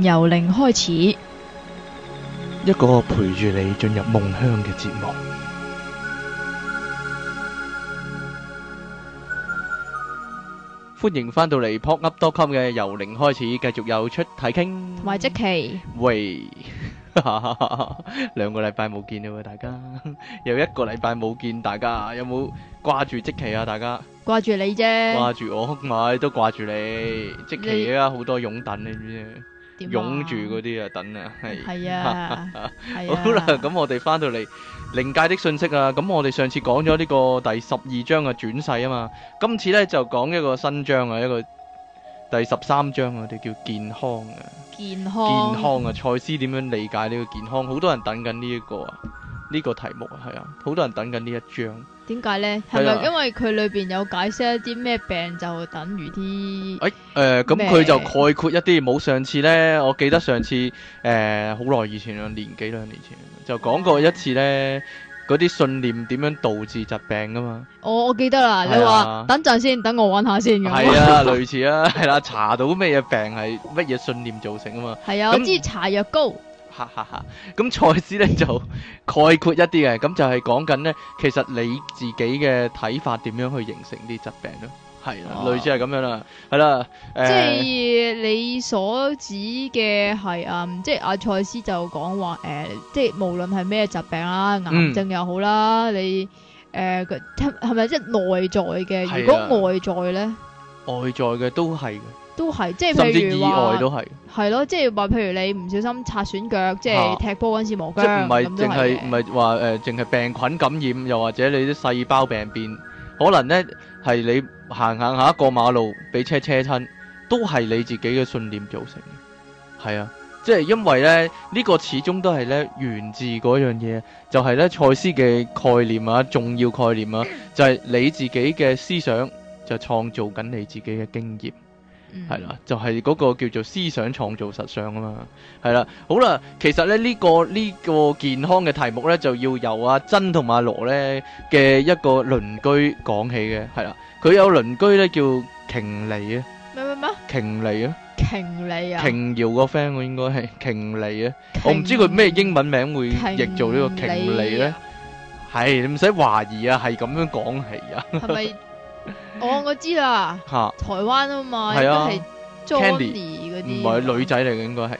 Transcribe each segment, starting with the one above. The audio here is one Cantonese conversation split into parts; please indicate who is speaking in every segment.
Speaker 1: 由零開始，
Speaker 2: 一個陪住你進入夢鄉嘅節目。歡迎返到嚟，扑噏多噏嘅由零開始，繼續又出睇傾。同埋積奇喂，兩個禮拜冇見啦，喂大家又一個禮拜冇見，大家有冇掛住積奇啊？大家
Speaker 1: 掛住你啫，掛
Speaker 2: 住我咪都掛住你。積奇而家好多擁躉你知唔知？擁住嗰啲啊，等啊，係係啊，好啦，咁我哋翻到嚟靈界的訊息啊，咁我哋上次講咗呢個第十二章嘅轉世啊嘛，今次呢就講一個新章啊，一個第十三章啊，我哋叫健康啊，
Speaker 1: 健康，健康
Speaker 2: 啊，賽斯點樣理解呢個健康？好多人等緊呢一個啊，呢個題目啊，係啊，好多人等緊呢一章。
Speaker 1: 點解咧？係咪因為佢裏邊有解釋一啲咩病就等於啲？誒、
Speaker 2: 哎，誒、呃，咁佢就概括一啲。冇上次咧，我記得上次誒，好、呃、耐以前啦，兩年幾兩年前就講過一次咧，嗰啲信念點樣導致疾病噶嘛。
Speaker 1: 我我記得啦，你話、啊、等陣先，等我揾下先。係啊，
Speaker 2: 類似啊，係啦，查到咩嘢病係乜嘢信念造成啊嘛。
Speaker 1: 係啊，我知查藥膏。
Speaker 2: 哈哈哈！咁賽斯咧就概括一啲嘅，咁就係講緊咧，其實你自己嘅睇法點樣去形成啲疾病咯？係、啊、類似係咁樣啦，係啦、啊嗯，即係
Speaker 1: 你所指嘅係啊，即係阿賽斯就講話誒，即係無論係咩疾病啦，癌症又好啦、嗯，你誒，係、呃、咪即係內在嘅？如果外在咧，
Speaker 2: 外在嘅都係。
Speaker 1: 都係，即係譬如意外都係，係咯，即係話，譬如你唔小心擦損腳、啊，即係踢波嗰陣時磨腳，即係唔係淨係
Speaker 2: 唔係話誒，淨係、呃、病菌感染，又或者你啲細胞病變，可能咧係你行行下一個馬路俾車車親，都係你自己嘅信念造成嘅，係啊，即係因為咧呢、這個始終都係咧源自嗰樣嘢，就係咧賽斯嘅概念啊，重要概念啊，就係、是、你自己嘅思想就創造緊你自己嘅經驗。 係啦，就係嗰個叫做思想創造實相啊嘛，係啦，好啦，其實咧呢個呢個健康嘅題目咧就要由阿珍同阿羅咧嘅一個鄰居講起嘅。係啦，佢有鄰居咧叫瓊尼啊，咩咩咩，瓊尼啊，
Speaker 1: 瓊尼啊，瓊
Speaker 2: 瑤個 friend 應該係瓊尼啊，我唔知佢咩英文名會譯做呢個瓊尼咧，係你唔使懷疑啊，係咁樣講起啊。
Speaker 1: 哦、 oh，我知啦，台灣啊嘛，應該係做安利嗰啲，唔係
Speaker 2: 女仔嚟嘅，應該係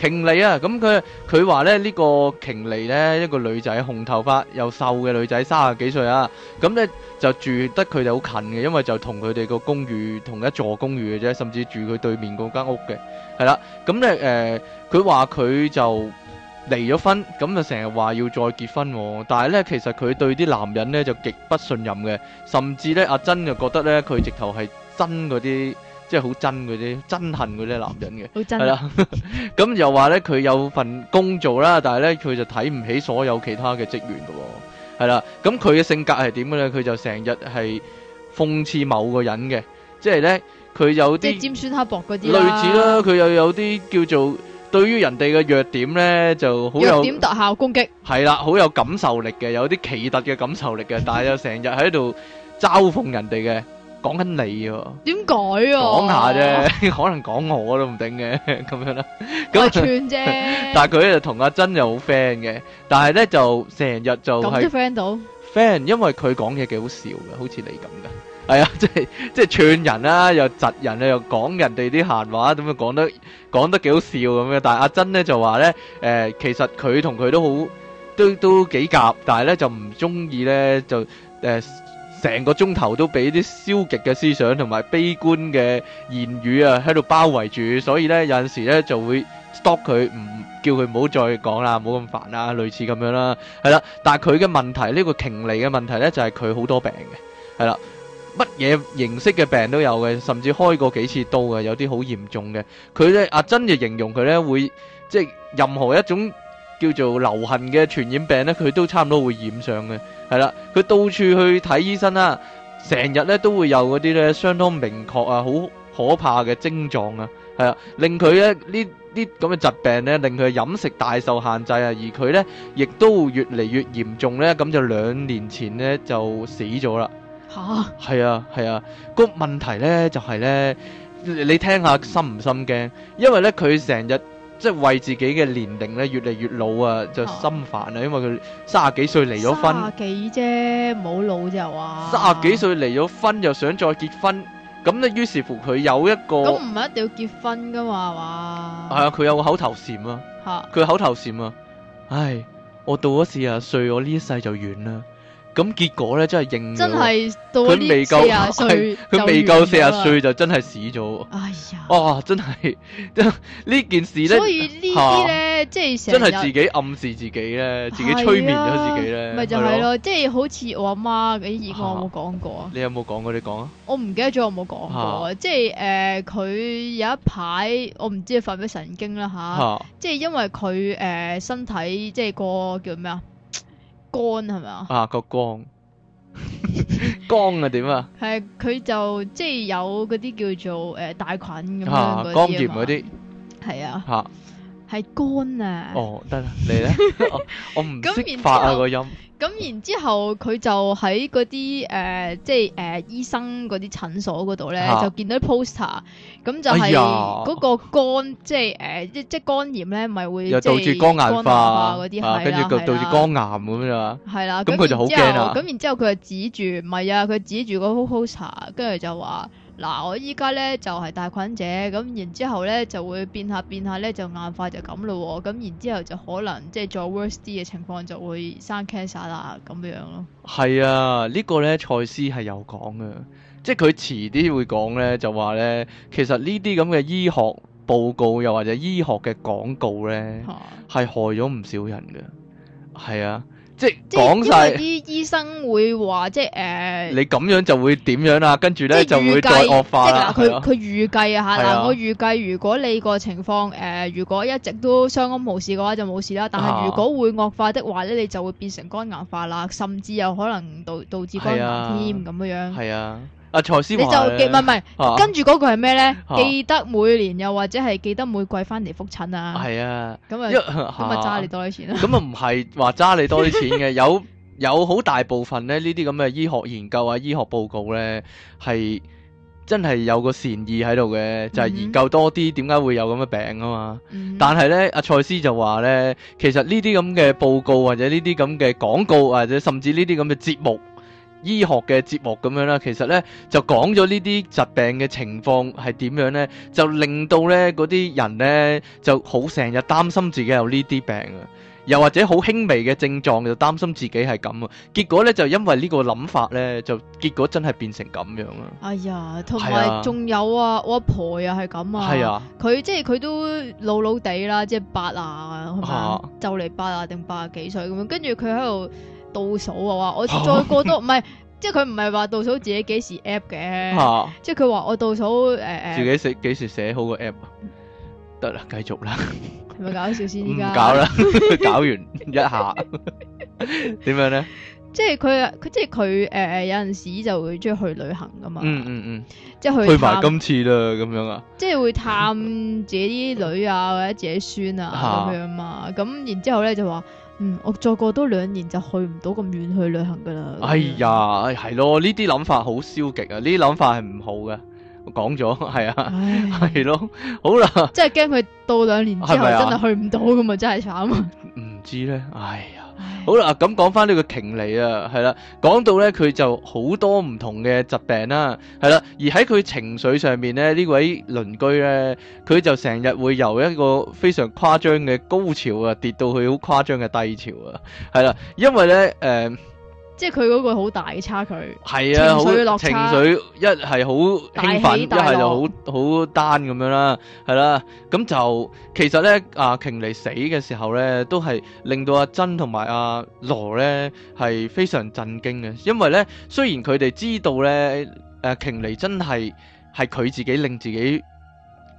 Speaker 2: 瓊麗啊。咁佢佢話咧呢、這個瓊麗咧，一個女仔，紅頭髮又瘦嘅女仔，三十幾歲啊。咁咧就住得佢哋好近嘅，因為就同佢哋個公寓同一座公寓嘅啫，甚至住佢對面嗰間屋嘅，係啦、啊。咁咧誒，佢話佢就，離咗婚咁就成日話要再結婚喎，但係咧其實佢對啲男人咧就極不信任嘅，甚至咧阿珍就覺得咧佢直頭係憎嗰啲，即係好憎嗰啲憎恨嗰啲男人嘅。好憎。係啦，咁又話咧佢有份工做啦，但係咧佢就睇唔起所有其他嘅職員噶，係啦。咁佢嘅性格係點嘅咧？佢就成日係諷刺某個人嘅，即係咧佢有啲即係
Speaker 1: 尖酸刻薄嗰啲啦。類似啦，
Speaker 2: 佢又有啲叫做。對於人哋嘅弱點咧，就好有弱
Speaker 1: 點特效攻擊。
Speaker 2: 係啦，好有感受力嘅，有啲奇特嘅感受力嘅，但係又成日喺度嘲諷人哋嘅，講緊你喎。
Speaker 1: 點解啊？講下啫，
Speaker 2: 可能講我都唔定嘅，咁樣啦。咁串啫。但係佢又同阿珍又好 friend 嘅，但係咧就成日就講都 friend 到。friend，因為佢講嘢幾好笑嘅，好似你咁噶。係啊，即係即係串人啦，又窒人啦，又講人哋啲閒話，咁啊講得講得幾好笑咁樣。但係阿珍咧就話咧，誒，其實佢同佢都好都都幾夾，但係咧就唔中意咧就誒成個鐘頭都俾啲消極嘅思想同埋悲觀嘅言語啊喺度包圍住，所以咧有陣時咧就會 stop 佢，唔叫佢唔好再講啦，唔好咁煩啦，類似咁樣啦，係啦。但係佢嘅問題呢個瓊尼嘅問題咧就係佢好多病嘅，係啦。乜嘢形式嘅病都有嘅，甚至開過幾次刀嘅，有啲好嚴重嘅。佢咧阿珍就形容佢咧會，即係任何一種叫做流行嘅傳染病咧，佢都差唔多會染上嘅。係啦，佢到處去睇醫生啦，成日咧都會有嗰啲咧相當明確啊，好可怕嘅症狀啊。係啊，令佢咧呢呢咁嘅疾病咧，令佢嘅飲食大受限制啊。而佢咧亦都越嚟越嚴重咧，咁就兩年前咧就死咗啦。吓，係啊係啊，是啊是啊，那個問題咧就係、是、咧，你聽下心唔心驚？因為咧佢成日即係為自己嘅年齡咧越嚟越老啊，就心煩啊。因為佢卅幾歲離咗婚，卅
Speaker 1: 幾啫，冇老就話。卅
Speaker 2: 幾歲離咗婚，又想再結婚，咁咧於是乎佢有一個，咁
Speaker 1: 唔係一定要結婚噶嘛，係嘛？係啊，
Speaker 2: 佢有個口頭禪啊，
Speaker 1: 吓、啊，佢
Speaker 2: 口頭禪啊，唉，我到咗四啊歲，我呢一世就完啦。咁結果咧，真係應真係
Speaker 1: 到未夠四十歲佢未夠四十歲就
Speaker 2: 真係死咗。哎呀！哦、啊，真係呢件事咧，所以呢啲咧，即係
Speaker 1: 成日真係自己
Speaker 2: 暗示自己咧、啊，自己催眠咗自己咧。咪就係咯，即係、就
Speaker 1: 是、好似我阿媽嘅，我、哎、有冇講過
Speaker 2: 啊？你有冇講過？你講
Speaker 1: 啊！我唔記得咗我冇講過啊！即係誒，佢、呃、有一排，我唔知佢發咩神經啦吓、啊啊。即係因為佢誒、呃、身體即係個叫咩啊？肝係
Speaker 2: 咪啊？啊，個肝，肝啊點啊？
Speaker 1: 係佢就即係有嗰啲叫做誒大菌咁樣肝炎嗰啲，係啊，吓係肝啊。哦，
Speaker 2: 得啦，你咧， 我唔識 發啊、那個音。
Speaker 1: 咁然之後佢就喺嗰啲誒，即係誒、呃、醫生嗰啲診所嗰度咧，就見到啲 poster，咁就係嗰個肝，哎、即係誒、呃、即即肝炎咧，咪會又導致肝硬化嗰啲，跟、就、住、係啊啊、就導致肝
Speaker 2: 癌咁樣，
Speaker 1: 係啦。咁、啊、佢就好驚啊，咁然之後佢就指住，唔係啊，佢指住嗰個 poster，跟住就話。嗱，我依家咧就係、是、大菌者，咁然之後咧就會變下變下咧就硬化就咁咯，咁然之後就可能即係再 worse 啲嘅情況就會生 cancer 啦咁樣咯。
Speaker 2: 係啊，這個、呢個咧賽斯係有講嘅，即係佢遲啲會講咧就話咧，其實呢啲咁嘅醫學報告又或者醫學嘅廣告咧係、啊、害咗唔少人嘅，係啊。
Speaker 1: 即係講曬啲醫，醫生會話，即係誒、uh,
Speaker 2: 你咁樣就會點樣啦？跟住咧就會再惡化即係嗱，佢佢、啊、
Speaker 1: 預計啊嚇啦，我預計如果你個情況誒，uh, 如果一直都相安無事嘅話就冇事啦。但係如果會惡化的話咧，你就會變成肝硬化啦，甚至有可能導導致肝炎添咁樣樣。係
Speaker 2: 啊。阿賽斯，你就記唔係唔係跟住嗰
Speaker 1: 句係咩咧？記得每年又或者係記得每季翻嚟覆診啊！係啊，咁啊咁啊，揸
Speaker 2: 你多啲錢啦！咁啊唔係話揸你多啲錢嘅， 有有好大部分咧呢啲咁嘅醫學研究啊、醫學報告咧係真係有個善意喺度嘅，就係、是、研究多啲點解會有咁嘅病啊嘛。嗯嗯但係咧，阿賽斯就話咧，其實呢啲咁嘅報告或者呢啲咁嘅廣告或者甚至呢啲咁嘅節目。醫學嘅節目咁樣啦，其實咧就講咗呢啲疾病嘅情況係點樣咧，就令到咧嗰啲人咧就好成日擔心自己有呢啲病啊，又或者好輕微嘅症狀就擔心自己係咁啊，結果咧就因為呢個諗法咧，就結果真係變成咁樣啊！
Speaker 1: 哎呀，同埋仲有啊，我阿婆又係咁啊，係啊，佢即係佢都老老哋啦，即係八啊，就嚟八啊定八啊幾歲咁樣，跟住佢喺度。倒數啊，話我再過多唔係、啊，即係佢唔係話倒數自己幾時 app 嘅、啊，即係佢話我倒數誒誒，自己
Speaker 2: 寫幾時寫好個 app，得啦繼續啦，
Speaker 1: 係咪搞笑先而家？唔搞啦，
Speaker 2: 搞完一下，點 樣咧？
Speaker 1: 即係佢啊，佢即係佢誒，有陣時就會中意去旅行噶嘛。嗯嗯
Speaker 2: 嗯。即係去。去埋今次啦，咁樣啊。
Speaker 1: 即係會探自己啲女啊，或者自己孫啊咁樣嘛。咁、啊、然之後咧就話，嗯，我再過多兩年就去唔到咁遠去旅行噶啦。哎
Speaker 2: 呀，係咯，呢啲諗法好消極啊！呢啲諗法係唔好噶，我講咗係啊，係咯、哎 是的， 好啦。
Speaker 1: 即係驚佢到兩年之後真係去唔到咁啊，真係慘啊。唔
Speaker 2: 知咧，哎呀。 好啦，咁講翻呢個鯨嚟啊，係啦，講到咧佢就好多唔同嘅疾病啦，係啦，而喺佢情緒上面咧，位鄰呢位鄰居咧，佢就成日會由一個非常誇張嘅高潮啊，跌到去好誇張嘅低潮啊，係啦，因為咧，誒、呃。
Speaker 1: 即係佢嗰個好大嘅差距係、啊，情緒落差。好情緒一
Speaker 2: 係好興奮，大大一係、啊、就好好單咁樣啦，係啦。咁就其實咧，阿瓊妮死嘅時候咧，都係令到阿珍同埋阿羅咧係非常震驚嘅，因為咧雖然佢哋知道咧，誒瓊妮真係係佢自己令自己。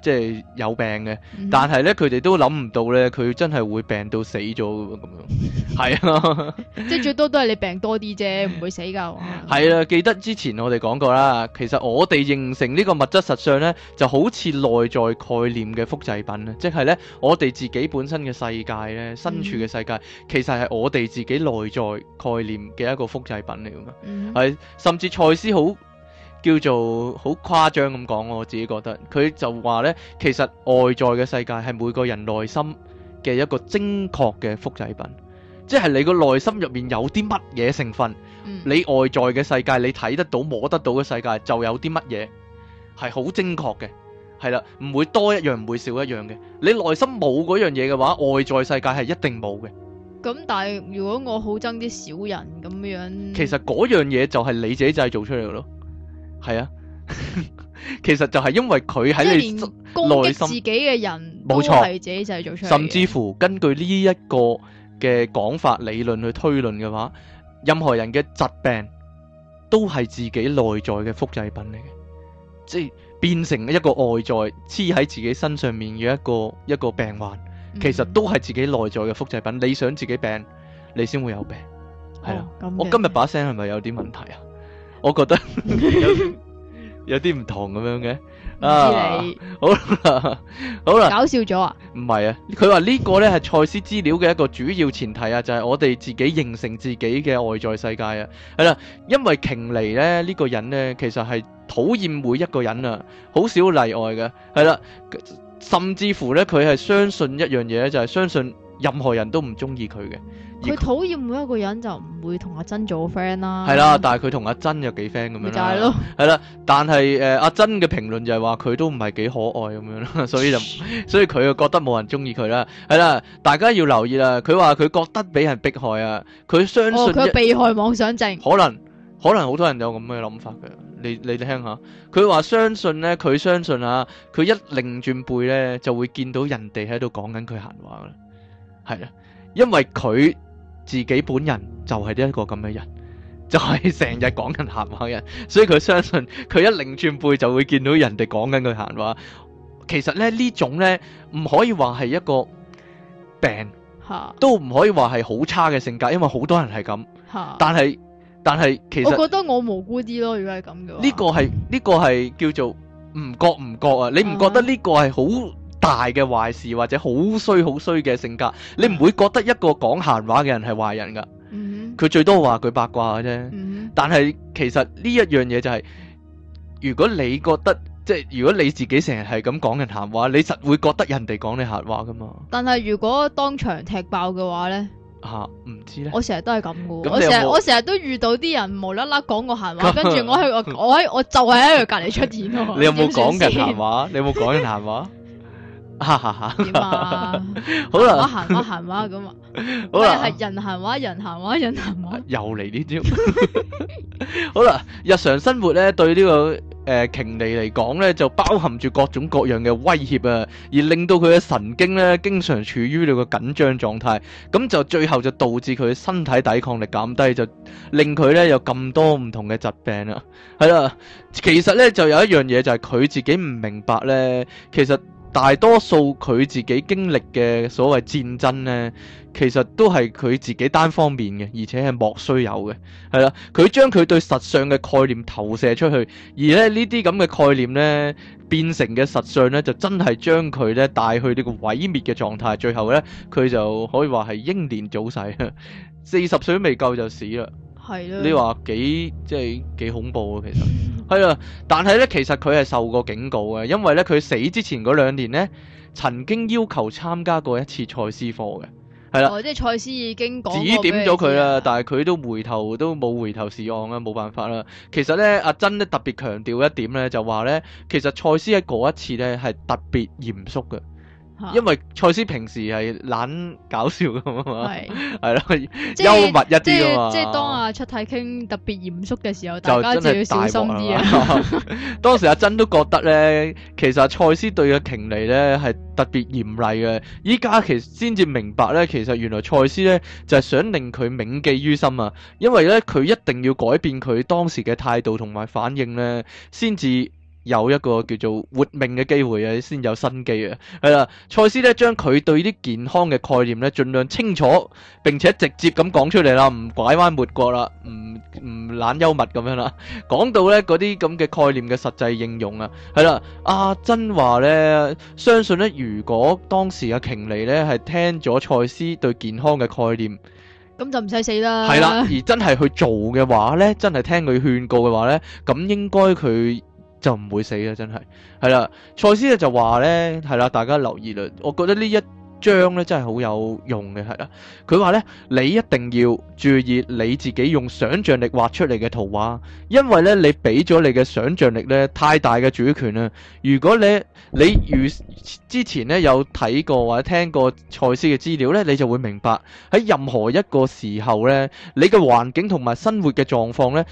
Speaker 2: 即係有病嘅、嗯，但係咧佢哋都諗唔到咧，佢真係會病到死咗咁樣，係、嗯、啊，
Speaker 1: 即係最多都係你病多啲啫，唔會死噶。
Speaker 2: 係、嗯、啊，記得之前我哋講過啦，其實我哋形成呢個物質實相咧，就好似內在概念嘅複製品咧，即係咧我哋自己本身嘅世界咧，身處嘅世界、嗯、其實係我哋自己內在概念嘅一個複製品嚟㗎嘛，係、嗯、甚至賽斯好，叫做好誇張咁講，我自己覺得佢就話咧，其實外在嘅世界係每個人內心嘅一個精確嘅複製品，即係你個內心入面有啲乜嘢成分，你外在嘅世界你睇得到摸得到嘅世界就有啲乜嘢係好精確嘅，係啦，唔會多一樣唔會少一樣嘅。你內心冇嗰樣嘢嘅話，外在世界係一定冇嘅。
Speaker 1: 咁但係如果我好憎啲小人咁樣，其實
Speaker 2: 嗰樣嘢就係你自己製造出嚟咯。係啊，其實就係因為佢喺你內心，攻
Speaker 1: 擊自己嘅人冇錯，都係自己製造出嚟。甚至
Speaker 2: 乎根據呢一個嘅講法理論去推論嘅話，任何人嘅疾病都係自己內在嘅複製品嚟嘅，即係變成一個外在黐喺自己身上面嘅一個一個病患，其實都係自己內在嘅複製品。嗯。你想自己病，你先會有病。係、哦、啦，我今日把聲係咪有啲問題啊？我覺得有啲唔 同咁樣嘅，啊，好啦，好啦，搞笑咗啊？唔係啊，佢話呢個呢係賽斯資料嘅一個主要前提啊，就係、是、我哋自己形成自己嘅外在世界啊。係啦、啊，因為瓊尼咧呢、這個人呢，其實係討厭每一個人啊，好少例外嘅。係啦、啊，甚至乎呢，佢係相信一樣嘢就係、是、相信。任何人都唔中意佢嘅，
Speaker 1: 佢討厭每一個人，就唔會同阿珍做 friend 啦、啊。係啦，
Speaker 2: 但係佢同阿珍有幾 friend 咁樣咯，係啦，但係誒、呃、阿珍嘅評論就係話佢都唔係幾可愛咁樣啦，所以就 所以佢就覺得冇人中意佢啦。係啦，大家要留意啊！佢話佢覺得俾人迫害啊！佢相信哦，佢被
Speaker 1: 害妄想症，
Speaker 2: 可能可能好多人有咁嘅諗法㗎。你你聽下，佢話相信咧，佢相信啊，佢一擰轉背咧就會見到人哋喺度講緊佢閒話啦。係啊，因為佢自己本人就係呢一個咁嘅人，就係成日講緊閒話嘅人，所以佢相信佢一擰轉背就會見到人哋講緊佢閒話。其實咧呢種咧唔可以話係一個病，
Speaker 1: 吓，
Speaker 2: 都唔可以話係好差嘅性格，因為好多人係咁，
Speaker 1: 吓。但
Speaker 2: 係但係其實，我覺
Speaker 1: 得我無辜啲咯。如果係咁嘅話，呢
Speaker 2: 個係呢個係叫做唔覺唔覺啊！你唔覺得呢個係好？大嘅壞事或者好衰好衰嘅性格，你唔會覺得一個講閒話嘅人係壞人噶？佢、mm -hmm. 最多話佢八卦嘅啫。Mm -hmm. 但係其實呢一樣嘢就係，如果你覺得即係、就是、如果你自己成日係咁講人閒話，你實會覺得人哋講你閒話噶嘛？
Speaker 1: 但係如果當場踢爆嘅話呢？
Speaker 2: 吓、啊、唔知
Speaker 1: 呢。我成日都係咁嘅，我成我成日都遇到啲人無啦啦講個閒話，跟 住我喺我喺我就喺佢隔籬出現。 你有冇講緊閒話？
Speaker 2: 你有冇講緊閒話？
Speaker 1: 哈哈哈！點啊？好啦，行行話咁啊，即係人行話，人行話，人行話，
Speaker 2: 又嚟呢招。好啦，日常生活咧對呢個誒，瓊妮嚟講咧就包含住各種各樣嘅威脅啊，而令到佢嘅神經咧經常處於呢個緊張狀態，咁就最後就導致佢身體抵抗力減低，就令佢咧有咁多唔同嘅疾病啊。係啦，其實咧就有一樣嘢就係佢自己唔明白咧，其實。大多數佢自己經歷嘅所謂戰爭呢，其實都係佢自己單方面嘅，而且係莫須有嘅。係啦，佢將佢對實相嘅概念投射出去，而咧呢啲咁嘅概念呢，變成嘅實相呢，就真係將佢呢帶去呢個毀滅嘅狀態。最後呢，佢就可以話係英年早逝，四十歲都未夠就死啦。你話幾即係幾恐怖啊？其實係啦， 但係咧，其實佢係受過警告嘅，因為咧佢死之前嗰兩年咧，曾經要求參加過一次賽斯課嘅，係啦、哦，
Speaker 1: 即係賽斯已經講過指點咗佢啦，
Speaker 2: 但係佢都回頭都冇回頭是岸啊，冇辦法啦。其實咧，阿珍咧特別強調一點咧，就話咧，其實賽斯喺嗰一次咧係特別嚴肅嘅。因為賽斯平時係懶搞笑噶嘛，係啦 幽默一啲，即係當
Speaker 1: 阿出太傾特別嚴肅嘅時候，大家就要小心啲啦。
Speaker 2: 當時阿珍都覺得咧，其實賽斯對阿瓊尼咧係特別嚴厲嘅。依家其實先至明白咧，其實原來賽斯咧就係、是、想令佢銘記於心啊，因為咧佢一定要改變佢當時嘅態度同埋反應咧，先至。有一個叫做活命嘅機會啊，先有生機啊，係啦。賽斯咧將佢對啲健康嘅概念，咧盡量清楚並且直接咁講出嚟啦，唔拐彎抹角啦，唔唔懶幽默咁樣啦。講到咧嗰啲咁嘅概念嘅實際應用啊，係啦。阿珍話咧，相信咧如果當時阿瓊尼咧係聽咗賽斯對健康嘅概念，
Speaker 1: 咁就唔使死啦。係啦，而
Speaker 2: 真係去做嘅話咧，真係聽佢勸告嘅話咧，咁應該佢。就唔會死啦，真係係啦。賽斯咧就話呢，係啦，大家留意啦。我覺得呢一章咧真係好有用嘅，係啦。佢話呢，你一定要注意你自己用想象力畫出嚟嘅圖畫，因為呢，你俾咗你嘅想象力呢，太大嘅主權啦。如果你你如之前呢，有睇過或者聽過賽斯嘅資料呢，你就會明白喺任何一個時候呢，你嘅環境同埋生活嘅狀況呢。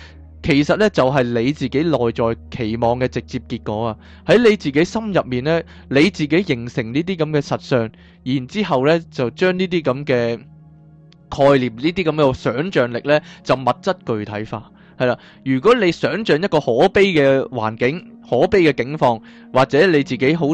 Speaker 2: 其實咧就係、是、你自己內在期望嘅直接結果啊！喺你自己心入面咧，你自己形成呢啲咁嘅實相，然之後咧就將呢啲咁嘅概念、呢啲咁嘅想象力咧，就物質具體化，係啦。如果你想像一個可悲嘅環境、可悲嘅境況，或者你自己好。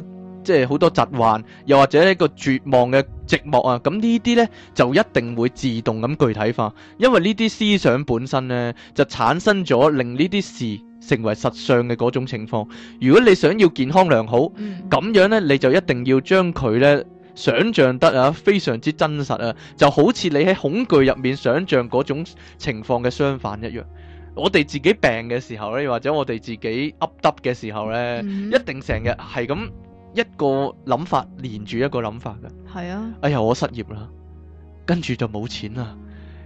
Speaker 2: 即係好多疾患，又或者一個絕望嘅寂寞啊！咁呢啲咧就一定會自動咁具體化，因為呢啲思想本身咧就產生咗令呢啲事成為實相嘅嗰種情況。如果你想要健康良好，咁樣咧你就一定要將佢咧想象得啊非常之真實啊，就好似你喺恐懼入面想象嗰種情況嘅相反一樣。我哋自己病嘅時候咧，又或者我哋自己噏噏嘅時候咧，一定成日係咁。一個諗法連住一個諗法噶，係啊，哎呀我失業啦，跟住就冇錢啦，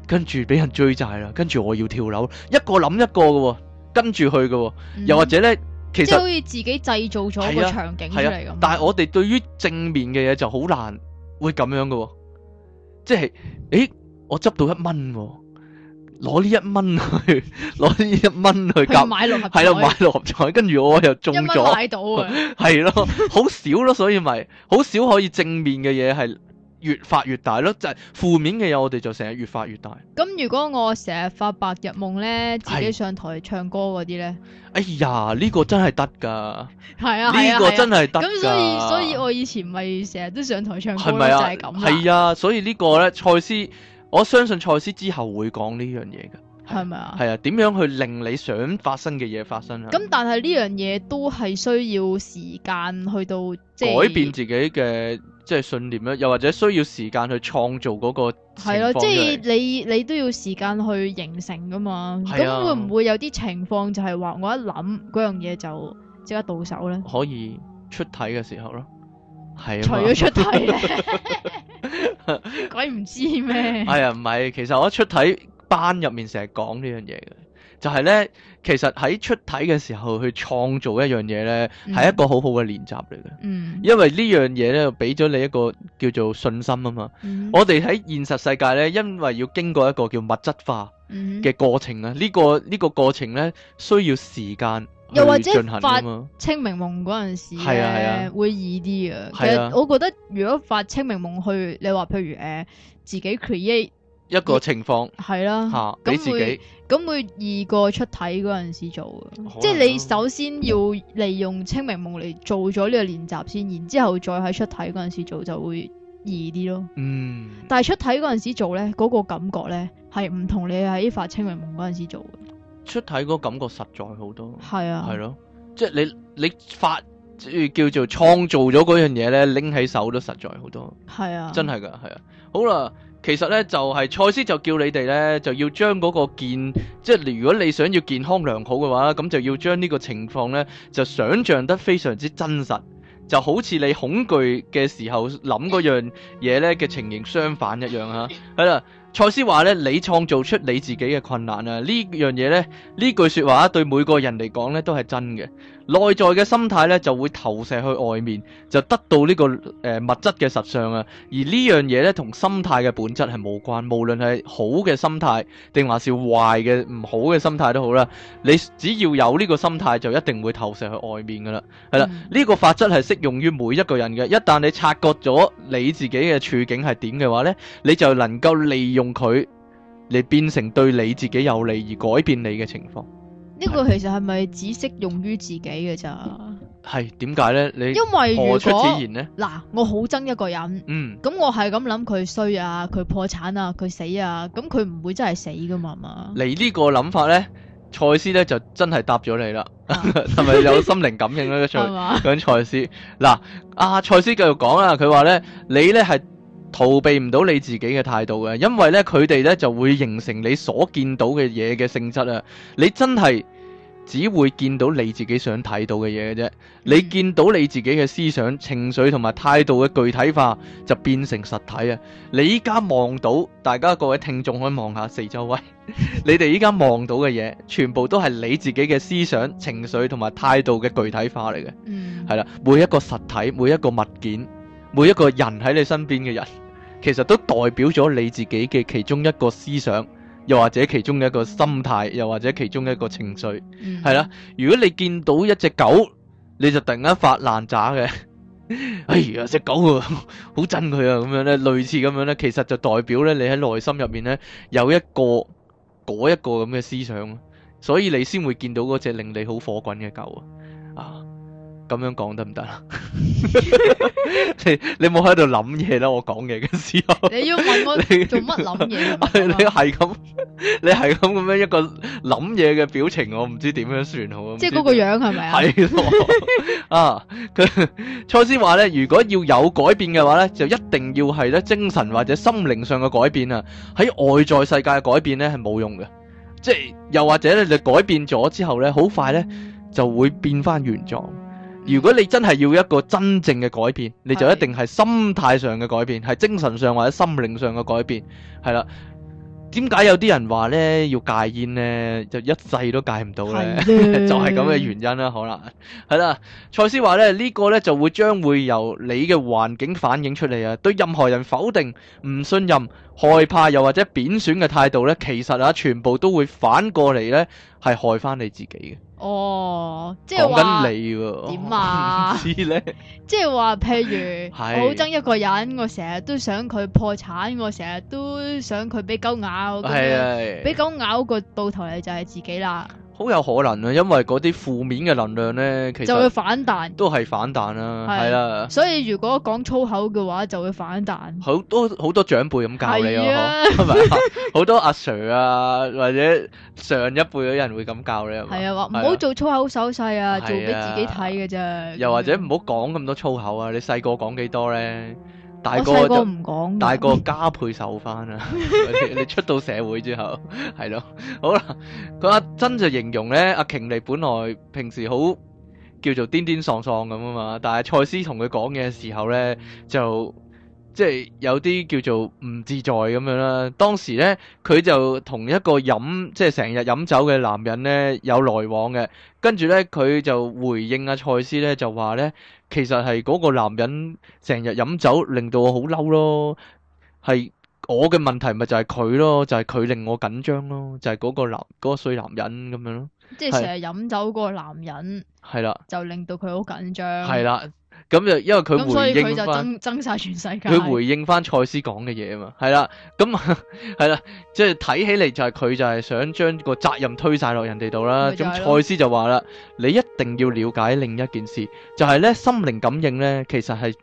Speaker 2: 跟住俾人追債啦，跟住我要跳樓，一個諗一個噶，跟住去噶、嗯，又或者咧，其實都係
Speaker 1: 自己製造咗個場景出嚟咁。、啊啊。但
Speaker 2: 係我哋對於正面嘅嘢，就好難會咁樣噶，即、嗯、係，誒、欸，我執到一蚊、哦。攞呢一蚊去，攞呢一蚊去夾，係 咯，買六合彩，跟住 我又中咗，一蚊買到啊！係 咯，好少咯，所以咪、就、好、是、少可以正面嘅嘢係越發越大咯，就係負面嘅嘢我哋就成日越發越大。咁、
Speaker 1: 就是、如果我成日發白日夢咧，自己上台唱歌嗰啲咧，
Speaker 2: 哎呀呢、這個真係得噶，係啊，呢、
Speaker 1: 這個真係得。咁、啊啊啊、所以所以我以前咪成日都想上台唱歌咯、啊，就係、是、咁。係
Speaker 2: 啊，所以這個呢個咧，賽斯。我相信賽斯之後會講呢樣嘢嘅，
Speaker 1: 係咪啊？
Speaker 2: 係啊，點樣去令你想發生嘅嘢發生啊？咁
Speaker 1: 但係呢樣嘢都係需要時間去到，即係改變
Speaker 2: 自己嘅即係信念咧，又或者需要時間去創造嗰個情。係咯，即係
Speaker 1: 你你都要時間去形成噶嘛？咁會唔會有啲情況就係話我一諗嗰樣嘢，就即刻到手咧？
Speaker 2: 可以出體嘅時候咯。係，除咗出體咧， 鬼唔知咩？係啊，唔係，其實我喺出體班入面成日講呢樣嘢嘅，就係咧，其實喺出體嘅時候去創造一樣嘢咧，係、嗯、一個好好嘅練習嚟嘅。嗯，因為呢樣嘢咧，就俾咗你一個叫做信心啊嘛。嗯、我哋喺現實世界咧，因為要經過一個叫物質化嘅過程啊，呢個、嗯、呢個過程咧，需要時間。又或者發
Speaker 1: 清明夢嗰陣時咧、啊啊、會易啲啊，其實我覺得如果發清明夢去，你話譬如誒、呃、自己 create 一個情況係、嗯、啦，啊、你自己咁會易過出體嗰陣時做嘅，是即係你首先要利用清明夢嚟做咗呢個練習先，然之後再喺出體嗰陣時做就會易啲咯。嗯，但係出體嗰陣時做咧，嗰、嗰個感覺咧係唔同你喺發清明夢嗰陣時做嘅。
Speaker 2: 出體嗰個感覺實在好多，係啊，係咯，即係你你發即叫做創造咗嗰樣嘢咧，拎起手都實在好多，
Speaker 1: 係啊，真係
Speaker 2: 噶，係啊，好啦，其實咧就係賽斯就叫你哋咧就要將嗰個健，即係如果你想要健康良好嘅話，咁就要將呢個情況咧就想象得非常之真實，就好似你恐懼嘅時候諗嗰樣嘢咧嘅情形相反一樣吓，係 啦。賽斯話咧：你創造出你自己嘅困難啊！呢樣嘢咧，呢句說話對每個人嚟講咧都係真嘅。內在嘅心態咧，就會投射去外面，就得到呢、這個誒、呃、物質嘅實相啊。而這東西呢樣嘢咧，同心態嘅本質係冇關，無論係好嘅心態定還是壞嘅唔好嘅心態都好啦。你只要有呢個心態，就一定會投射去外面噶啦。係、嗯、啦，呢、這個法則係適用於每一個人嘅。一旦你察覺咗你自己嘅處境係點嘅話呢，你就能夠利用佢嚟變成對你自己有利，而改變你嘅情況。
Speaker 1: 呢、這個其實係咪只適用於自己嘅咋？
Speaker 2: 係點解咧？你何出此言咧？嗱，
Speaker 1: 我好憎一個人，嗯，咁我係咁諗佢衰啊，佢破產啊，佢死啊，咁佢唔會真係死㗎嘛？係嘛、啊 啊？你
Speaker 2: 呢個諗法咧，賽斯咧就真係答咗你啦，係咪有心靈感應咧？蔡響賽斯嗱，阿賽斯繼續講啦，佢話咧，你咧係。逃避唔到你自己嘅態度嘅，因為咧佢哋咧就會形成你所見到嘅嘢嘅性質啊！你真係只會見到你自己想睇到嘅嘢嘅啫。你見到你自己嘅思想、情緒同埋態度嘅具體化，就變成實體啊！你依家望到大家各位聽眾可以望下四周圍， 你哋依家望到嘅嘢，全部都係你自己嘅思想、情緒同埋態度嘅具體化嚟嘅。嗯，係啦，每一個實體，每一個物件。每一個人喺你身邊嘅人，其實都代表咗你自己嘅其中一個思想，又或者其中嘅一個心態，又或者其中嘅一個情緒，係啦。如果你見到一隻狗，你就突然間發爛渣嘅，哎呀，隻狗啊，好憎佢啊，咁樣咧，類似咁樣咧，其實就代表咧，你喺內心入面咧有一個嗰一個咁嘅思想，所以你先會見到嗰隻令你好火滾嘅狗啊。咁樣講得唔得啦？你你冇喺度諗嘢啦。我講嘢嘅時候，你要問我你做乜諗嘢？你係咁，你係咁咁樣一個諗嘢嘅表情，我唔知點樣算好啊。即係嗰個
Speaker 1: 樣係咪啊？係咯
Speaker 2: 啊！賽斯話咧，如果要有改變嘅話咧，就一定要係咧精神或者心靈上嘅改變啊。喺外在世界嘅改變咧係冇用嘅，即係又或者咧你改變咗之後咧，好快咧就會變翻原狀。如果你真係要一個真正嘅改變，你就一定係心態上嘅改變，係精神上或者心靈上嘅改變，係啦。點解有啲人話咧要戒煙咧，就一世都戒唔到咧？就係咁嘅原因啦，好啦，係啦。賽斯話咧呢個咧就會將會由你嘅環境反映出嚟啊！對任何人否定、唔信任。害怕又或者貶損嘅態度咧，其實啊，全部都會反過嚟咧，係害翻你自己
Speaker 1: 嘅。哦，即係話緊你
Speaker 2: 點啊？唔、哦、知
Speaker 1: 咧。即係話，譬如好憎 一個人，我成日都想佢破產，我成日都想佢俾狗咬，俾狗咬個到頭嚟就係自己啦。
Speaker 2: 好有可能啊，因為嗰啲負面嘅能量咧，其實就會反彈，都係反彈啦、啊，係啦、啊啊。所
Speaker 1: 以如果講粗口嘅話，就會反彈。
Speaker 2: 好多好多長輩咁教你啊，好、啊啊 啊、多阿 Sir 啊，或者上一輩嘅人會咁教你。係
Speaker 1: 啊，話唔好做粗口手勢啊，啊做俾自己睇嘅啫。又
Speaker 2: 或者唔好講咁多粗口啊，你細個講幾多咧？大個唔講，大個加配受翻啦！ 你出到社會之後，係 咯， 好啦。佢阿珍就形容咧， 阿瓊尼本來平時好叫做顛顛喪喪咁啊嘛，但係賽斯同佢講嘅時候咧，就即係、就是、有啲叫做唔自在咁樣啦。當時咧，佢就同一個飲即係成日飲酒嘅男人咧有來往嘅，跟住咧佢就回應阿賽斯咧就話咧。其實係嗰個男人成日飲酒，令到我好嬲咯。係我嘅問題，咪就係佢咯，就係、係、佢令我緊張咯，就係、係、嗰個男嗰、嗰個衰男人咁樣
Speaker 1: 咯。即係成日飲酒嗰個男人，係啦，就令到佢好緊張。係啦。
Speaker 2: 咁就因為佢回應
Speaker 1: 翻，佢回
Speaker 2: 應翻賽斯講嘅嘢啊嘛，係啦，咁係啦，即係睇起嚟就係佢就係想將個責任推晒落人哋度啦。咁賽斯就話啦，你一定要了解另一件事，就係咧，心靈感應咧，其實係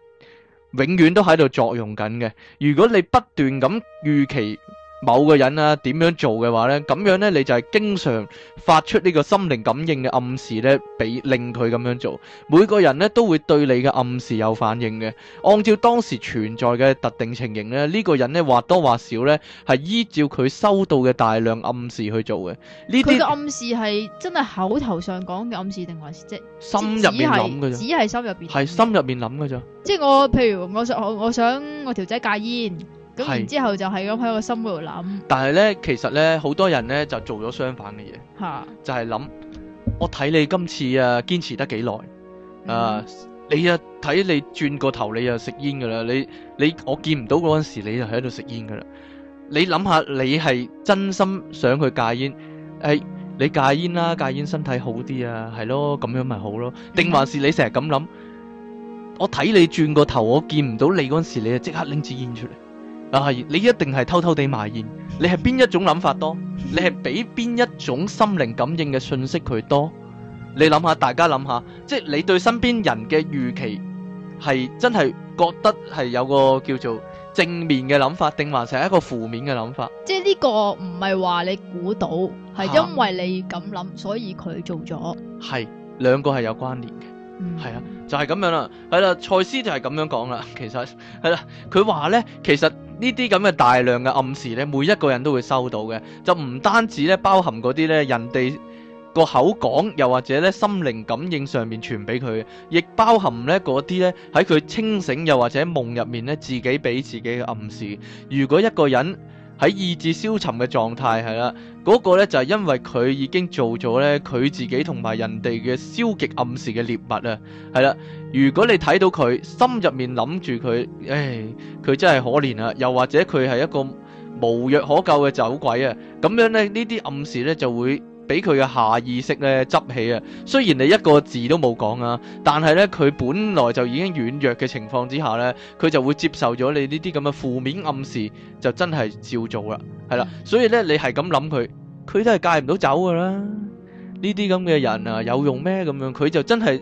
Speaker 2: 永遠都喺度作用緊嘅。如果你不斷咁預期。某個人啦、啊，點樣做嘅話呢？咁樣呢，你就係經常發出呢個心靈感應嘅暗示呢，俾令佢咁樣做。每個人呢，都會對你嘅暗示有反應嘅。按照當時存在嘅特定情形呢，呢、呢個人呢，或多或少呢，係依照佢收到嘅大量暗示去做嘅。呢個
Speaker 1: 暗示係真係口頭上講嘅暗示，定還是即心入面諗嘅？只係心入面係
Speaker 2: 心入面諗嘅啫。即
Speaker 1: 係我譬如我想我，我想我條仔戒煙。咁然之後就係咁喺個心嗰度諗，
Speaker 2: 但係咧其實咧好多人咧就做咗相反嘅嘢，就係諗，我睇你今次啊堅持得幾耐啊，你啊睇你轉個頭你就食煙噶啦，你你我見唔到嗰陣時你就喺度食煙噶啦，你諗下你係真心想佢戒煙，誒你戒煙啦，戒煙身體好啲啊，係咯咁樣咪好咯，定還是你成日咁諗，我睇你轉個頭，我見唔到你嗰陣時，你就即刻拎支煙出嚟？啊！係你一定係偷偷地埋怨，你係邊一種諗法多？你係俾邊一種心靈感應嘅訊息佢多？你諗下，大家諗下，即係你對身邊人嘅預期，係真係覺得係有個叫做正面嘅諗法，定還是係一個負面嘅諗法？
Speaker 1: 即係呢個唔係話你估到，係因為你咁諗，所以佢做咗。
Speaker 2: 係兩個係有關聯嘅，係啊，就係咁樣啦。係啦，賽斯就係咁樣講啦。其實係啦，佢話呢，其實。呢啲咁嘅大量嘅暗示咧，每一個人都會收到嘅，就唔單止咧包含嗰啲咧人哋個口講，又或者咧心靈感應上面傳俾佢，亦包含咧嗰啲咧喺佢清醒又或者夢入面咧自己俾自己嘅暗示。如果一個人喺意志消沉嘅狀態係啦，嗰、那個咧就係因為佢已經做咗咧佢自己同埋人哋嘅消極暗示嘅獵物啊，係啦。如果你睇到佢心入面諗住佢，唉，佢真係可憐啊！又或者佢係一個無藥可救嘅酒鬼啊，咁樣咧呢啲暗示咧就會，俾佢嘅下意識咧執起啊！雖然你一個字都冇講啊，但係咧佢本來就已經軟弱嘅情況之下咧，佢就會接受咗你呢啲咁嘅負面暗示，就真係照做啦，係啦。所以咧你係咁諗佢，佢都係戒唔到走噶啦。呢啲咁嘅人啊，有用咩咁樣？佢就真係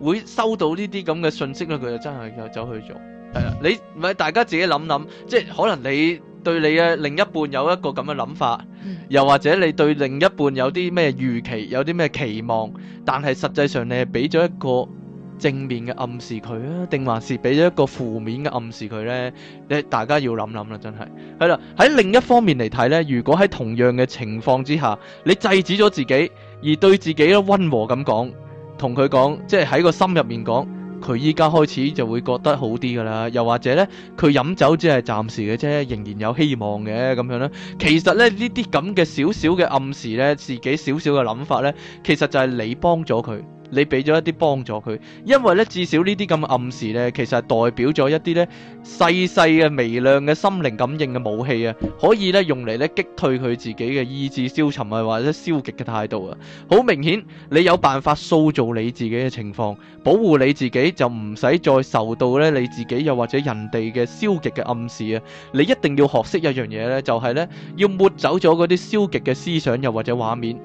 Speaker 2: 會收到呢啲咁嘅信息咧，佢就真係就走去做。係啊，你唔係大家自己諗諗，即係可能你對你嘅另一半有一個咁嘅諗法。又或者你對另一半有啲咩預期，有啲咩期望，但係實際上你係俾咗一個正面嘅暗示佢啊，定還是俾咗一個負面嘅暗示佢呢？你大家要諗諗啦，真係係啦。喺另一方面嚟睇呢，如果喺同樣嘅情況之下，你制止咗自己，而對自己都溫和咁講，同佢講，即係喺個心入面講。佢依家開始就會覺得好啲㗎啦，又或者咧，佢飲酒只係暫時嘅啫，仍然有希望嘅咁樣咧。其實咧，呢啲咁嘅小小嘅暗示咧，自己小小嘅諗法咧，其實就係你幫咗佢。你俾咗一啲幫助佢，因為咧至少呢啲咁暗示咧，其實係代表咗一啲咧細細嘅微量嘅心靈感應嘅武器啊，可以咧用嚟咧擊退佢自己嘅意志消沉啊，或者消極嘅態度啊。好明顯，你有辦法塑造你自己嘅情況，保護你自己，就唔使再受到咧你自己又或者人哋嘅消極嘅暗示啊。你一定要學識一樣嘢咧，就係咧要抹走咗嗰啲消極嘅思想又或者畫面。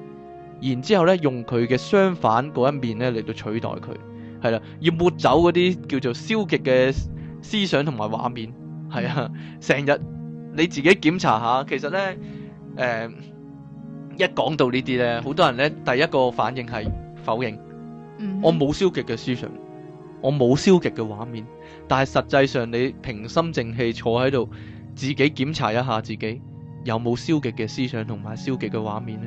Speaker 2: 然之後咧，用佢嘅相反嗰一面咧嚟到取代佢，係啦，要抹走嗰啲叫做消極嘅思想同埋畫面。係啊，成日你自己檢查下，其實咧，誒、呃，一講到呢啲咧，好多人咧，第一個反應係否認，mm -hmm. 我冇消極嘅思想，我冇消極嘅畫面。但係實際上，你平心靜氣坐喺度，自己檢查一下自己有冇消極嘅思想同埋消極嘅畫面呢？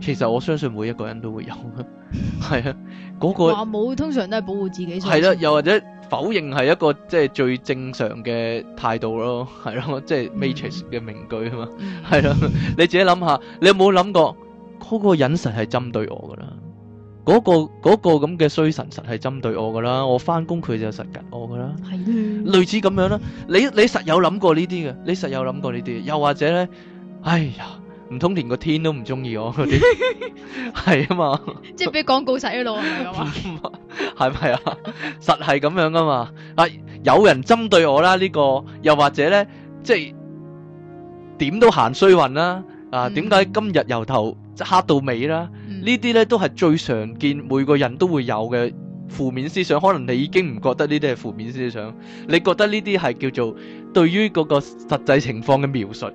Speaker 2: 其實我相信每一個人都會有，係啊，嗰個話
Speaker 1: 冇通常都係保護自己，係啦，
Speaker 2: 又或者否認係一個即係最正常嘅態度咯，係咯，即係 Matrix 嘅名句啊嘛，係咯，你自己諗下，你有冇諗過嗰個隱神係針對我噶啦？嗰個嗰個咁嘅衰神實係針對我噶啦，我翻工，佢就實及我噶啦，係類似咁樣啦。你你實有諗過呢啲嘅？你實有諗過呢啲嘅？又或者咧？哎呀！唔通連個天都唔中意我，嗰啲，係啊嘛，
Speaker 1: 即係俾廣告洗腦啊嘛，
Speaker 2: 係咪啊？實係咁樣啊嘛，啊有人針對我啦，呢個又或者咧，即係點都行衰運啦，啊點解今日由頭黑到尾啦？呢啲咧都係最常見，每個人都會有嘅負面思想。可能你已經唔覺得呢啲係負面思想，你覺得呢啲係叫做對於嗰個實際情況嘅描述。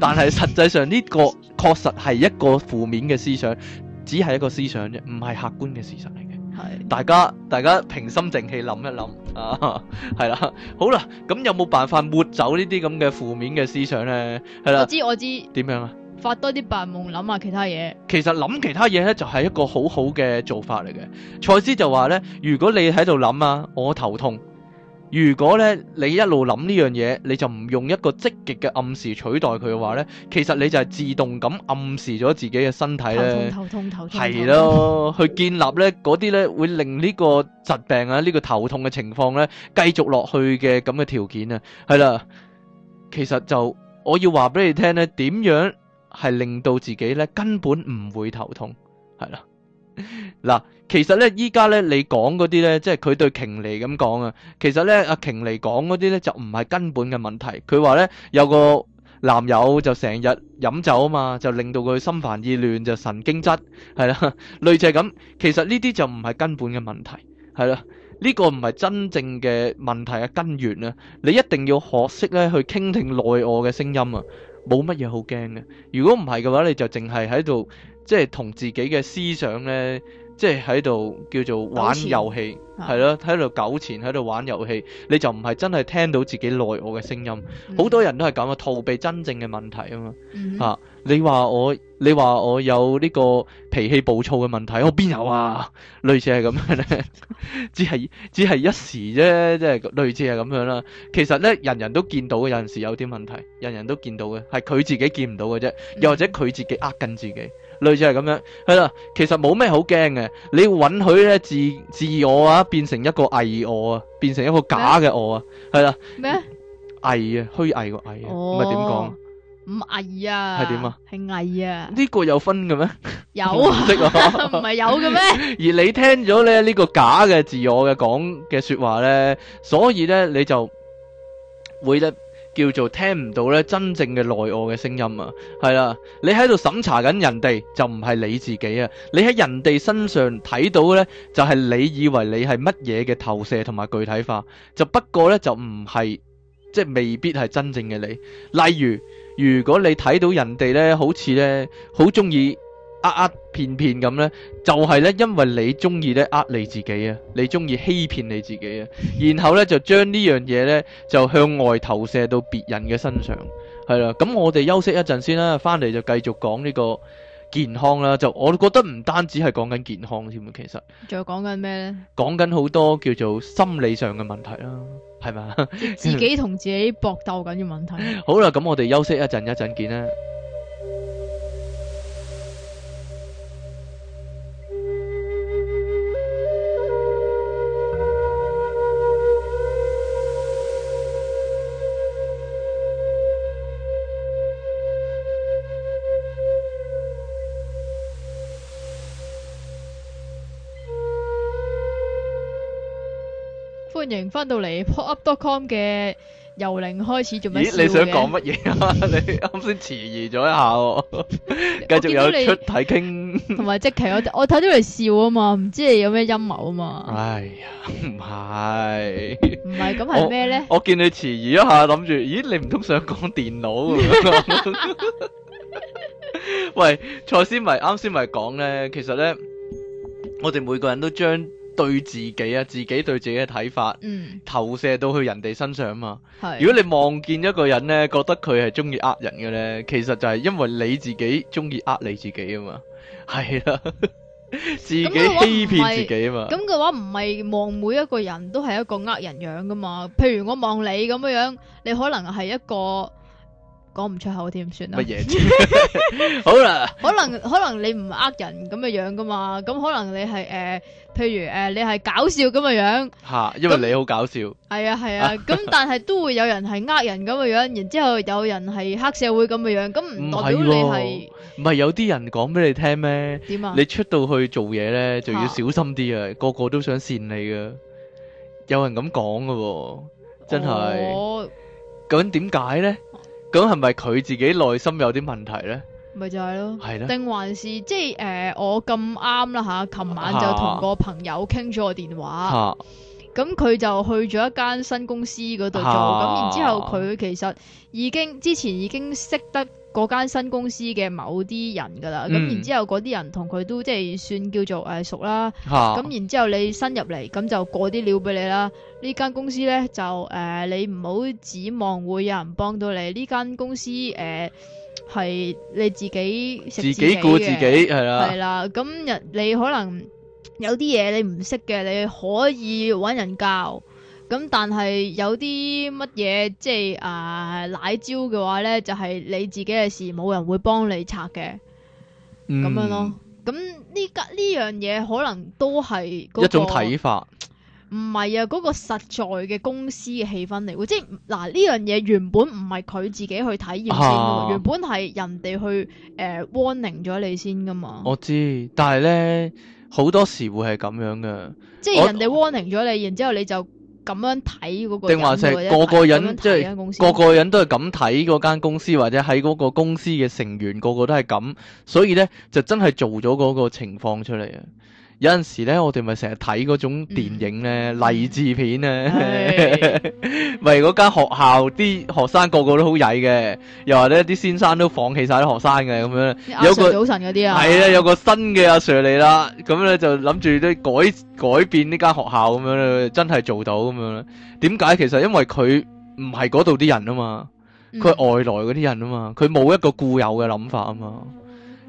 Speaker 2: 但係實際上呢個確實係一個負面嘅思想，只係一個思想啫，唔係客觀嘅事實嚟嘅。係大家大家平心靜氣諗一諗啊，係啦，好啦，咁有冇辦法抹走呢啲咁嘅負面嘅思想呢？係啦，我知我知，點樣啊？
Speaker 1: 發多啲白夢諗下其他嘢。
Speaker 2: 其實諗其他嘢呢，就係一個好好嘅做法嚟嘅。賽斯就話呢：「如果你喺度諗啊，我頭痛。如果咧你一路諗呢樣嘢，你就唔用一個積極嘅暗示取代佢嘅話咧，其實你就係自動咁暗示咗自己嘅身體咧，
Speaker 1: 頭痛
Speaker 2: 頭痛，係咯，去建立咧嗰啲咧會令呢個疾病啊呢個頭痛嘅情況咧繼續落去嘅咁嘅條件啊，係啦，其實就我要話俾你聽咧，點樣係令到自己咧根本唔會頭痛，係啦。嗱，其實咧，依家咧你講嗰啲咧，即係佢對瓊尼咁講啊。其實咧，阿瓊尼講嗰啲咧就唔係根本嘅問題。佢話咧有個男友就成日飲酒啊嘛，就令到佢心煩意亂，就神經質，係啦，類似係咁。其實呢啲就唔係根本嘅問題，係啦，呢個唔係真正嘅問題嘅根源啊。你一定要學識咧去傾聽內我嘅聲音啊，冇乜嘢好驚嘅。如果唔係嘅話，你就淨係喺度。即係同自己嘅思想呢，即係喺度叫做玩遊戲，係咯，喺度糾纏，喺度玩遊戲，你就唔係真係聽到自己內我嘅聲音。好、嗯、多人都係咁啊，逃避真正嘅問題啊嘛。嗯、啊你話我，你話我有呢個脾氣暴躁嘅問題，我邊有啊？嗯、類似係咁樣咧， 只係只係一時啫，即係類似係咁樣啦。其實呢，人人都見到嘅，有陣時有啲問題，人人都見到嘅，係佢自己見唔到嘅啫、嗯，又或者佢自己呃緊自己。類似係咁樣，係啦，其實冇咩好驚嘅。你允許咧自自我啊，變成一個偽我啊，變成一個假嘅我啊，係啦。
Speaker 1: 咩？
Speaker 2: 偽啊，虛偽個偽啊，唔係點講？
Speaker 1: 唔偽啊？係點啊？係偽啊？
Speaker 2: 呢個有分嘅咩？
Speaker 1: 有啊，唔係有嘅咩？
Speaker 2: 而你聽咗咧呢個假嘅自我嘅講嘅說話咧，所以咧你就會咧。叫做聽唔到咧真正嘅內外嘅聲音啊，係啦，你喺度審查緊人哋就唔係你自己啊，你喺人哋身上睇到咧就係你以為你係乜嘢嘅投射同埋具體化，就不過咧就唔係即係未必係真正嘅你。例如如果你睇到人哋咧好似咧好中意。呃呃，騙騙咁呢，就係呢，因為你中意咧，呃，你自己啊，你中意欺騙你自己啊，然後呢，就將呢樣嘢呢，就向外投射到別人嘅身上，係啦。咁我哋休息一陣先啦，翻嚟，就繼續講呢個健康啦。就我都覺得唔單止係講緊健康添啊，其實
Speaker 1: 仲有講緊咩呢？
Speaker 2: 講緊好多叫做心理上嘅問題啦，係咪？自己
Speaker 1: 同自己搏鬥緊嘅問題。
Speaker 2: 好啦，咁我哋休息一陣，一陣見啦。
Speaker 1: 歡迎翻到嚟，popup.com 嘅由零開始做乜嘢？你想講乜嘢啊？
Speaker 2: 你啱先遲疑咗一下，繼續有出題傾。
Speaker 1: 同埋即係我我睇到你笑啊嘛，唔知你有咩陰謀啊嘛？哎
Speaker 2: 呀，唔係，唔係咁係咩咧？我見你遲疑一下，諗住，咦，你唔通想講電腦？喂，賽斯迷，啱先咪講咧，其實咧，我哋每個人都將。對自己啊，自己對自己嘅睇法，嗯，投射到去人哋身上啊嘛。如果你望見一個人咧，覺得佢係中意呃人嘅咧，其實就係因為你自己中意呃你自己啊嘛，係啦，自己欺騙自己啊嘛。咁
Speaker 1: 嘅話唔係望每一個人都係一個呃人樣噶嘛？譬如我望你咁嘅樣，你可能係一個講唔出口添算啦。乜嘢？好啦，可能可能你唔呃人咁嘅樣噶嘛？咁可能你係誒。譬如誒，你係搞笑咁嘅樣，
Speaker 2: 吓，因為你好搞笑。
Speaker 1: 係啊係啊，咁但係都會有人係呃人咁嘅樣，然之後有人係黑社會咁嘅樣，咁唔代表你係。
Speaker 2: 唔係有啲人講俾你聽咩？點啊？你出到去做嘢咧，就要小心啲啊！個個都想騙你噶，有人咁講噶，真係。哦。究竟點解咧？究竟係咪佢自己內心有啲問題咧？
Speaker 1: 咪就係、是、咯，定還是即係誒、呃？我咁啱啦嚇，琴、啊、晚就同個朋友傾咗個電話，咁、啊、佢就去咗一間新公司嗰度做。咁、啊、然之後佢其實已經之前已經識得嗰間新公司嘅某啲人噶啦。咁、嗯、然之後嗰啲人同佢都即係算叫做誒、呃、熟啦。咁、啊、然之後你新入嚟，咁就過啲料俾你啦。呢間公司呢，就誒、呃，你唔好指望會有人幫到你。呢間公司誒。呃係你自己食自己顧自己係啦，係啦。咁你可能有啲嘢，你唔識嘅，你可以搵人教。咁但係有啲乜嘢即係啊奶招嘅話咧，就係、是、你自己嘅事，冇人會幫你拆嘅。咁、嗯、樣咯。咁呢家呢樣嘢可能都係、那個、一種睇法。唔係啊，嗰、那個實在嘅公司嘅氣氛嚟，即係嗱呢樣嘢原本唔係佢自己去體驗先、啊，原本係人哋去誒、呃、warning 咗你先噶嘛。我
Speaker 2: 知，但係咧好多時會係咁樣嘅，
Speaker 1: 即係人哋 warning 咗你，然之後你就咁樣睇嗰個定話個個人，即、就、係、是啊、個個人
Speaker 2: 都係咁睇嗰間公司，或者喺嗰個公司嘅成員個個都係咁，所以咧就真係做咗嗰個情況出嚟啊。有陣時咧，我哋咪成日睇嗰種電影咧，嗯、勵志片咧，咪嗰間學校啲學生個個都好曳嘅，又話呢啲先生都放棄晒啲學生嘅咁樣。有個早
Speaker 1: 晨嗰啲啊，係
Speaker 2: 啦，有個新嘅阿 Sir 嚟啦，咁咧就諗住都改改變呢間學校咁樣咧，真係做到咁樣。點解？其實因為佢唔係嗰度啲人啊嘛，嗯、佢係外來嗰啲人啊嘛，佢冇一個固有嘅諗法啊嘛。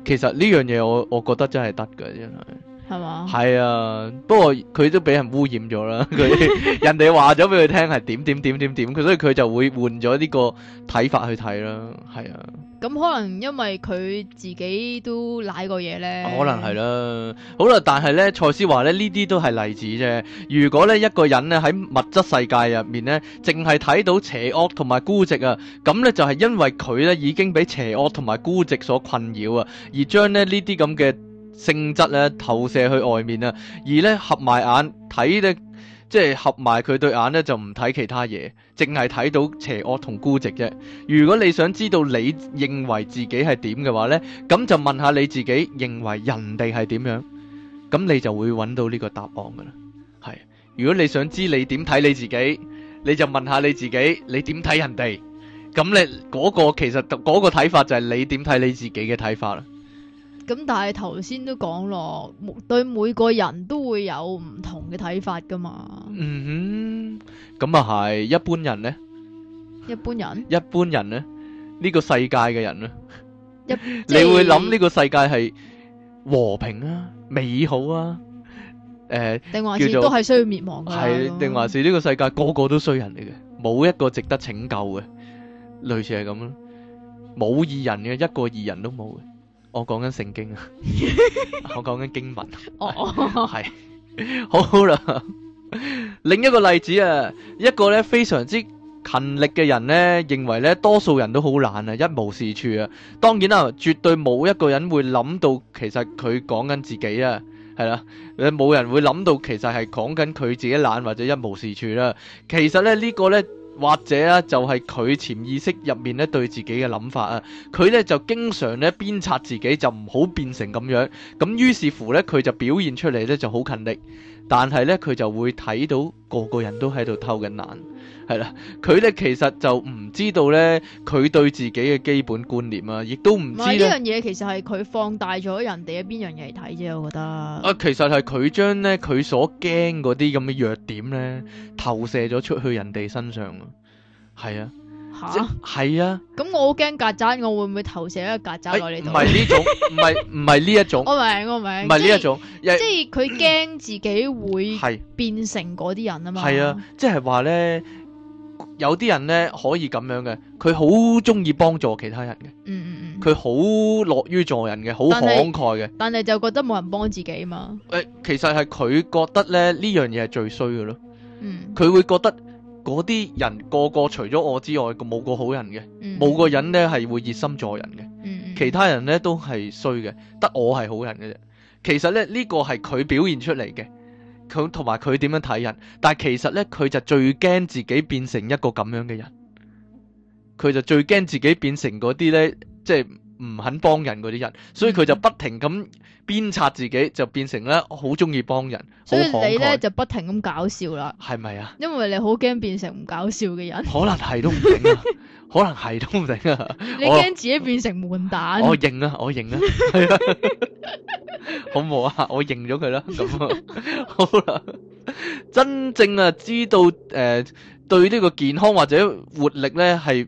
Speaker 2: 其實呢樣嘢，我我覺得真係得㗎，真係。係嘛？係啊，不過佢都俾人污染咗啦。佢 人哋話咗俾佢聽係點點點點點，佢所以佢就會換咗呢個睇法去睇啦。係啊，
Speaker 1: 咁可能因為佢自己都舐過嘢咧，可能
Speaker 2: 係啦。好啦，但係咧，賽斯話咧呢啲都係例子啫。如果咧一個人咧喺物質世界入面咧，淨係睇到邪惡同埋孤寂啊，咁咧就係因為佢咧已經俾邪惡同埋孤寂所困擾啊，而將咧呢啲咁嘅。這性質咧、啊、投射去外面、啊、而咧合埋眼睇咧，即係合埋佢對眼咧就唔睇其他嘢，淨係睇到邪惡同孤寂啫。如果你想知道你認為自己係點嘅話咧，咁就問下你自己認為人哋係點樣，咁你就會揾到呢個答案噶啦。係，如果你想知你點睇你自己，你就問下你自己你點睇人哋，咁你嗰個其實嗰個睇法就係你點睇你自己嘅睇法啦。
Speaker 1: 咁但係頭先都講咯，對每個人都會有唔同嘅睇法㗎嘛。嗯哼，
Speaker 2: 咁啊係，一般人咧，
Speaker 1: 一般人，
Speaker 2: 一般人咧，呢、這個世界嘅人咧，一、
Speaker 1: 就是、 你會諗
Speaker 2: 呢個世界係和平啊，美好啊，誒、呃，
Speaker 1: 定還是都係需要滅亡、啊？係
Speaker 2: 定還是呢個世界個個都衰人嚟嘅，冇一個值得拯救嘅，類似係咁咯，冇義人嘅，一個義人都冇嘅。我講緊聖經啊， 我講緊經文啊，係， 好啦。另一個例子啊，一個咧非常之勤力嘅人咧，認為咧多數人都好懶啊，一無是處啊。當然啦，絕對冇一個人會諗到，其實佢講緊自己啊，係啦，冇人會諗到，其實係講緊佢自己懶或者一無是處啦。其實咧呢個咧。或者啊，就係佢潛意識入面咧對自己嘅諗法啊，佢咧就經常咧鞭策自己，就唔好變成咁樣。咁於是乎咧，佢就表現出嚟咧就好勤力。但係咧，佢就會睇到個個人都喺度偷緊懶，係啦。佢咧其實就唔知道咧，佢對自己嘅基本觀念啊，亦都唔知咧。呢樣
Speaker 1: 嘢其實係佢放大咗人哋嘅邊樣嘢嚟睇啫，我覺得。
Speaker 2: 啊，其實係佢將咧佢所驚嗰啲咁嘅弱點咧，投射咗出去人哋身上。啊。係啊。吓係啊！
Speaker 1: 咁我好驚曱甴，我會唔會投射一個曱甴落你度，欸？唔係
Speaker 2: 呢種，唔係唔係呢一種。我
Speaker 1: 明，我明。唔係呢一
Speaker 2: 種，就是，即係
Speaker 1: 佢驚自己會變成嗰啲人啊嘛。係啊，
Speaker 2: 即係話咧，有啲人咧可以咁樣嘅，佢好中意幫助其他人嘅。嗯嗯
Speaker 1: 嗯，佢
Speaker 2: 好樂於助人嘅，好慷慨嘅。
Speaker 1: 但係就覺得冇人幫自己嘛。
Speaker 2: 誒、欸，其實係佢覺得咧呢樣嘢係最衰嘅咯。嗯，佢會覺得。嗰啲人個個除咗我之外，冇個好人嘅，冇、mm -hmm. 個人呢係會熱心助人嘅，mm -hmm. 其他人呢都係衰嘅，得我係好人嘅啫。其實咧呢、呢個係佢表現出嚟嘅，佢同埋佢點樣睇人，但係其實呢，佢就最驚自己變成一個咁樣嘅人，佢就最驚自己變成嗰啲呢，即係。唔肯幫人嗰啲人，所以佢就不停咁鞭策自己，就變成咧好中意幫人，好慷慨，所以你咧
Speaker 1: 就不停咁搞笑啦，係咪啊？因為你好驚變成唔搞笑嘅人，可能係都唔
Speaker 2: 定啊， 可能係都唔定啊。你驚自
Speaker 1: 己變成悶蛋？我
Speaker 2: 認啊，我認啊，係 啊，好冇啊，我認咗佢啦。咁好啦，真正啊，知道誒、呃，對呢個健康或者活力咧係。是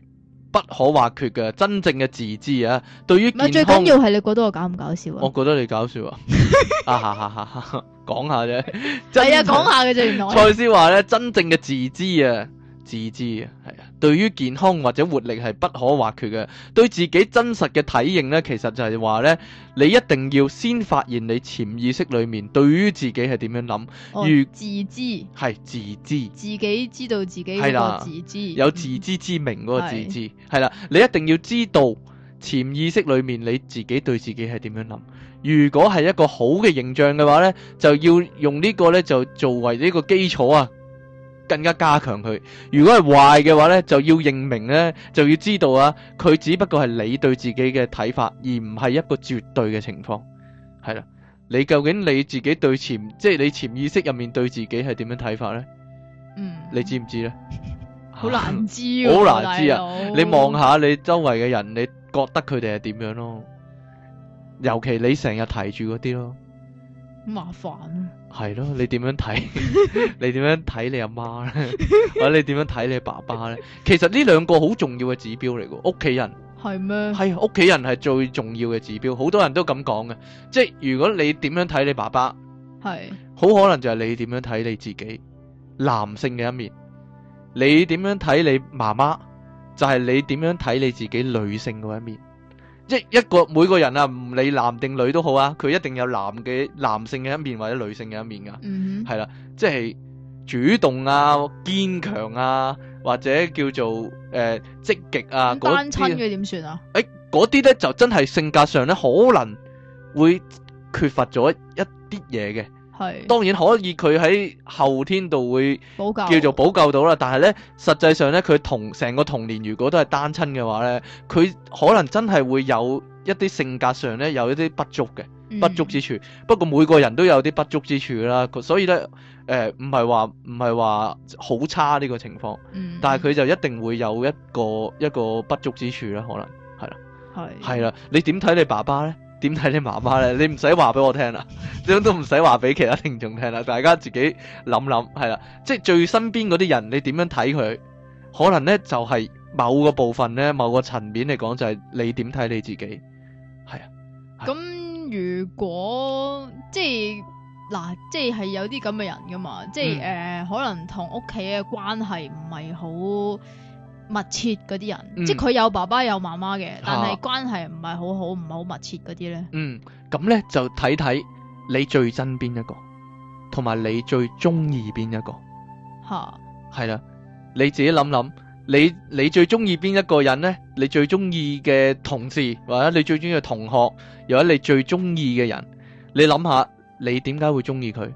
Speaker 2: 不可或缺嘅真正嘅自知啊，對於健康最緊要
Speaker 1: 係你覺得我搞唔搞笑啊？我
Speaker 2: 覺得你搞笑啊！講下啫，就
Speaker 1: 係啊，講下嘅啫。原來賽
Speaker 2: 斯話咧，真正嘅自知啊。自知啊，係啊，對於健康或者活力係不可或缺嘅。對自己真實嘅體型呢，其實就係話呢：你一定要先發現你潛意識裏面對於自己係點樣諗。如、哦、自知係自知，自
Speaker 1: 己知道自己嗰個自知，有
Speaker 2: 自知之明嗰個自知，係、嗯、啦。你一定要知道潛意識裏面你自己對自己係點樣諗。如果係一個好嘅形象嘅話呢，就要用呢個呢，就作為呢個基礎啊。更加加強佢。如果係壞嘅話呢，就要認明呢，就要知道啊，佢只不過係你對自己嘅睇法，而唔係一個絕對嘅情況。係啦，你究竟你自己對潛，即係你潛意識入面對自己係點樣睇法呢？嗯，你知唔知呢？
Speaker 1: 好難知，好難知啊！ 知啊 你望下
Speaker 2: 你周圍嘅人，你覺得佢哋係點樣咯？尤其你成日提住嗰啲咯。麻煩啊！係咯，你點樣睇？你點樣睇你阿媽咧？ 或者你點樣睇你爸爸咧？其實呢兩個好重要嘅指標嚟噶。屋企人
Speaker 1: 係咩？係
Speaker 2: 屋企人係最重要嘅指標，好多人都咁講嘅。即係如果你點樣睇你爸爸，係好可能就係你點樣睇你自己男性嘅一面。你點樣睇你媽媽，就係、是、你點樣睇你自己女性嗰一面。一一個每個人啊，唔理男定女都好啊，佢一定有男嘅男性嘅一面或者女性嘅一面噶，係、嗯、啦，即係主動啊、堅強啊，或者叫做誒、呃、積極啊。嗯、單親嘅
Speaker 1: 點算啊？
Speaker 2: 誒、哎，嗰啲咧就真係性格上咧可能會缺乏咗一啲嘢嘅。係，當然可以，佢喺後天度會叫做補救到啦。但係呢，實際上呢，佢同成個童年如果都係單親嘅話呢，佢可能真係會有一啲性格上呢，有一啲不足嘅，嗯、不足之處。不過每個人都有啲不足之處啦，所以呢，誒、呃，唔係話唔係話好差呢個情況、嗯，但係佢就一定會有一個一個不足之處啦，可能係啦，係啦，你點睇你爸爸呢？點睇你媽媽咧？你唔使話俾我聽啦，點都唔使話俾其他聽眾聽啦。大家自己諗諗，係啦，即係最身邊嗰啲人，你點樣睇佢？可能呢，就係某個部分呢，某個層面嚟講，就係、是、你點睇你自己，係
Speaker 1: 啊。咁如果即係嗱，即係有啲咁嘅人噶嘛，即係可能同屋企嘅關係唔係好。密切嗰啲人，即係佢有爸爸有媽媽嘅，但係關係唔係好好，唔係好密切嗰啲咧。
Speaker 2: 嗯，咁咧就睇睇你最憎邊一個，同埋你最中意邊一個。吓，係啦，你自己諗諗，你你最中意邊一個人咧？你最中意嘅同事或者你最中意嘅同學，又或者你最中意嘅人，你諗下你點解會中意佢？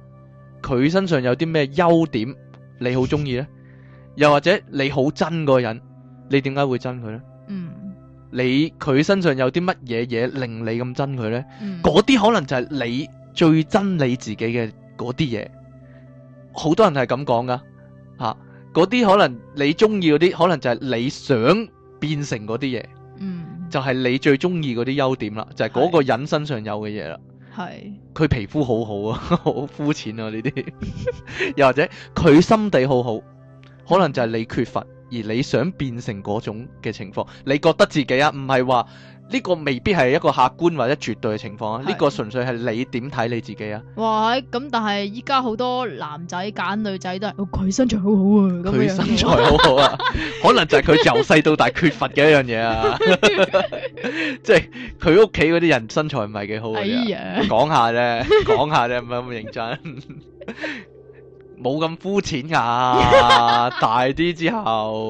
Speaker 2: 佢身上有啲咩優點你好中意咧？又或者你好憎嗰個人？你點解會憎佢呢？嗯，你，佢身上有啲乜嘢嘢令你咁憎佢呢？嗰、嗯、啲可能就係你最憎你自己嘅嗰啲嘢。好多人係咁講噶，吓，嗰啲可能你中意嗰啲，可能就係你想變成嗰啲嘢。嗯，就係、是、你最中意嗰啲優點啦，就係、是、嗰個人身上有嘅嘢啦。
Speaker 1: 係，
Speaker 2: 佢皮膚好好啊，好膚淺啊呢啲。 又或者佢心地好好，可能就係你缺乏。而你想變成嗰種嘅情況，你覺得自己啊，唔係話呢個未必係一個客觀或者絕對嘅情況啊，呢、呢個純粹係你點睇你自己
Speaker 1: 啊。哇，咁但係依家好多男仔揀女仔都係，佢、哦、身材好好啊咁佢身材好好啊，他好啊
Speaker 2: 可能就係佢由細到大缺乏嘅一樣嘢啊，即係佢屋企嗰啲人身材唔係幾好啊。講下啫，講下啫，唔好咁認真。 冇咁膚淺噶， 大啲之後，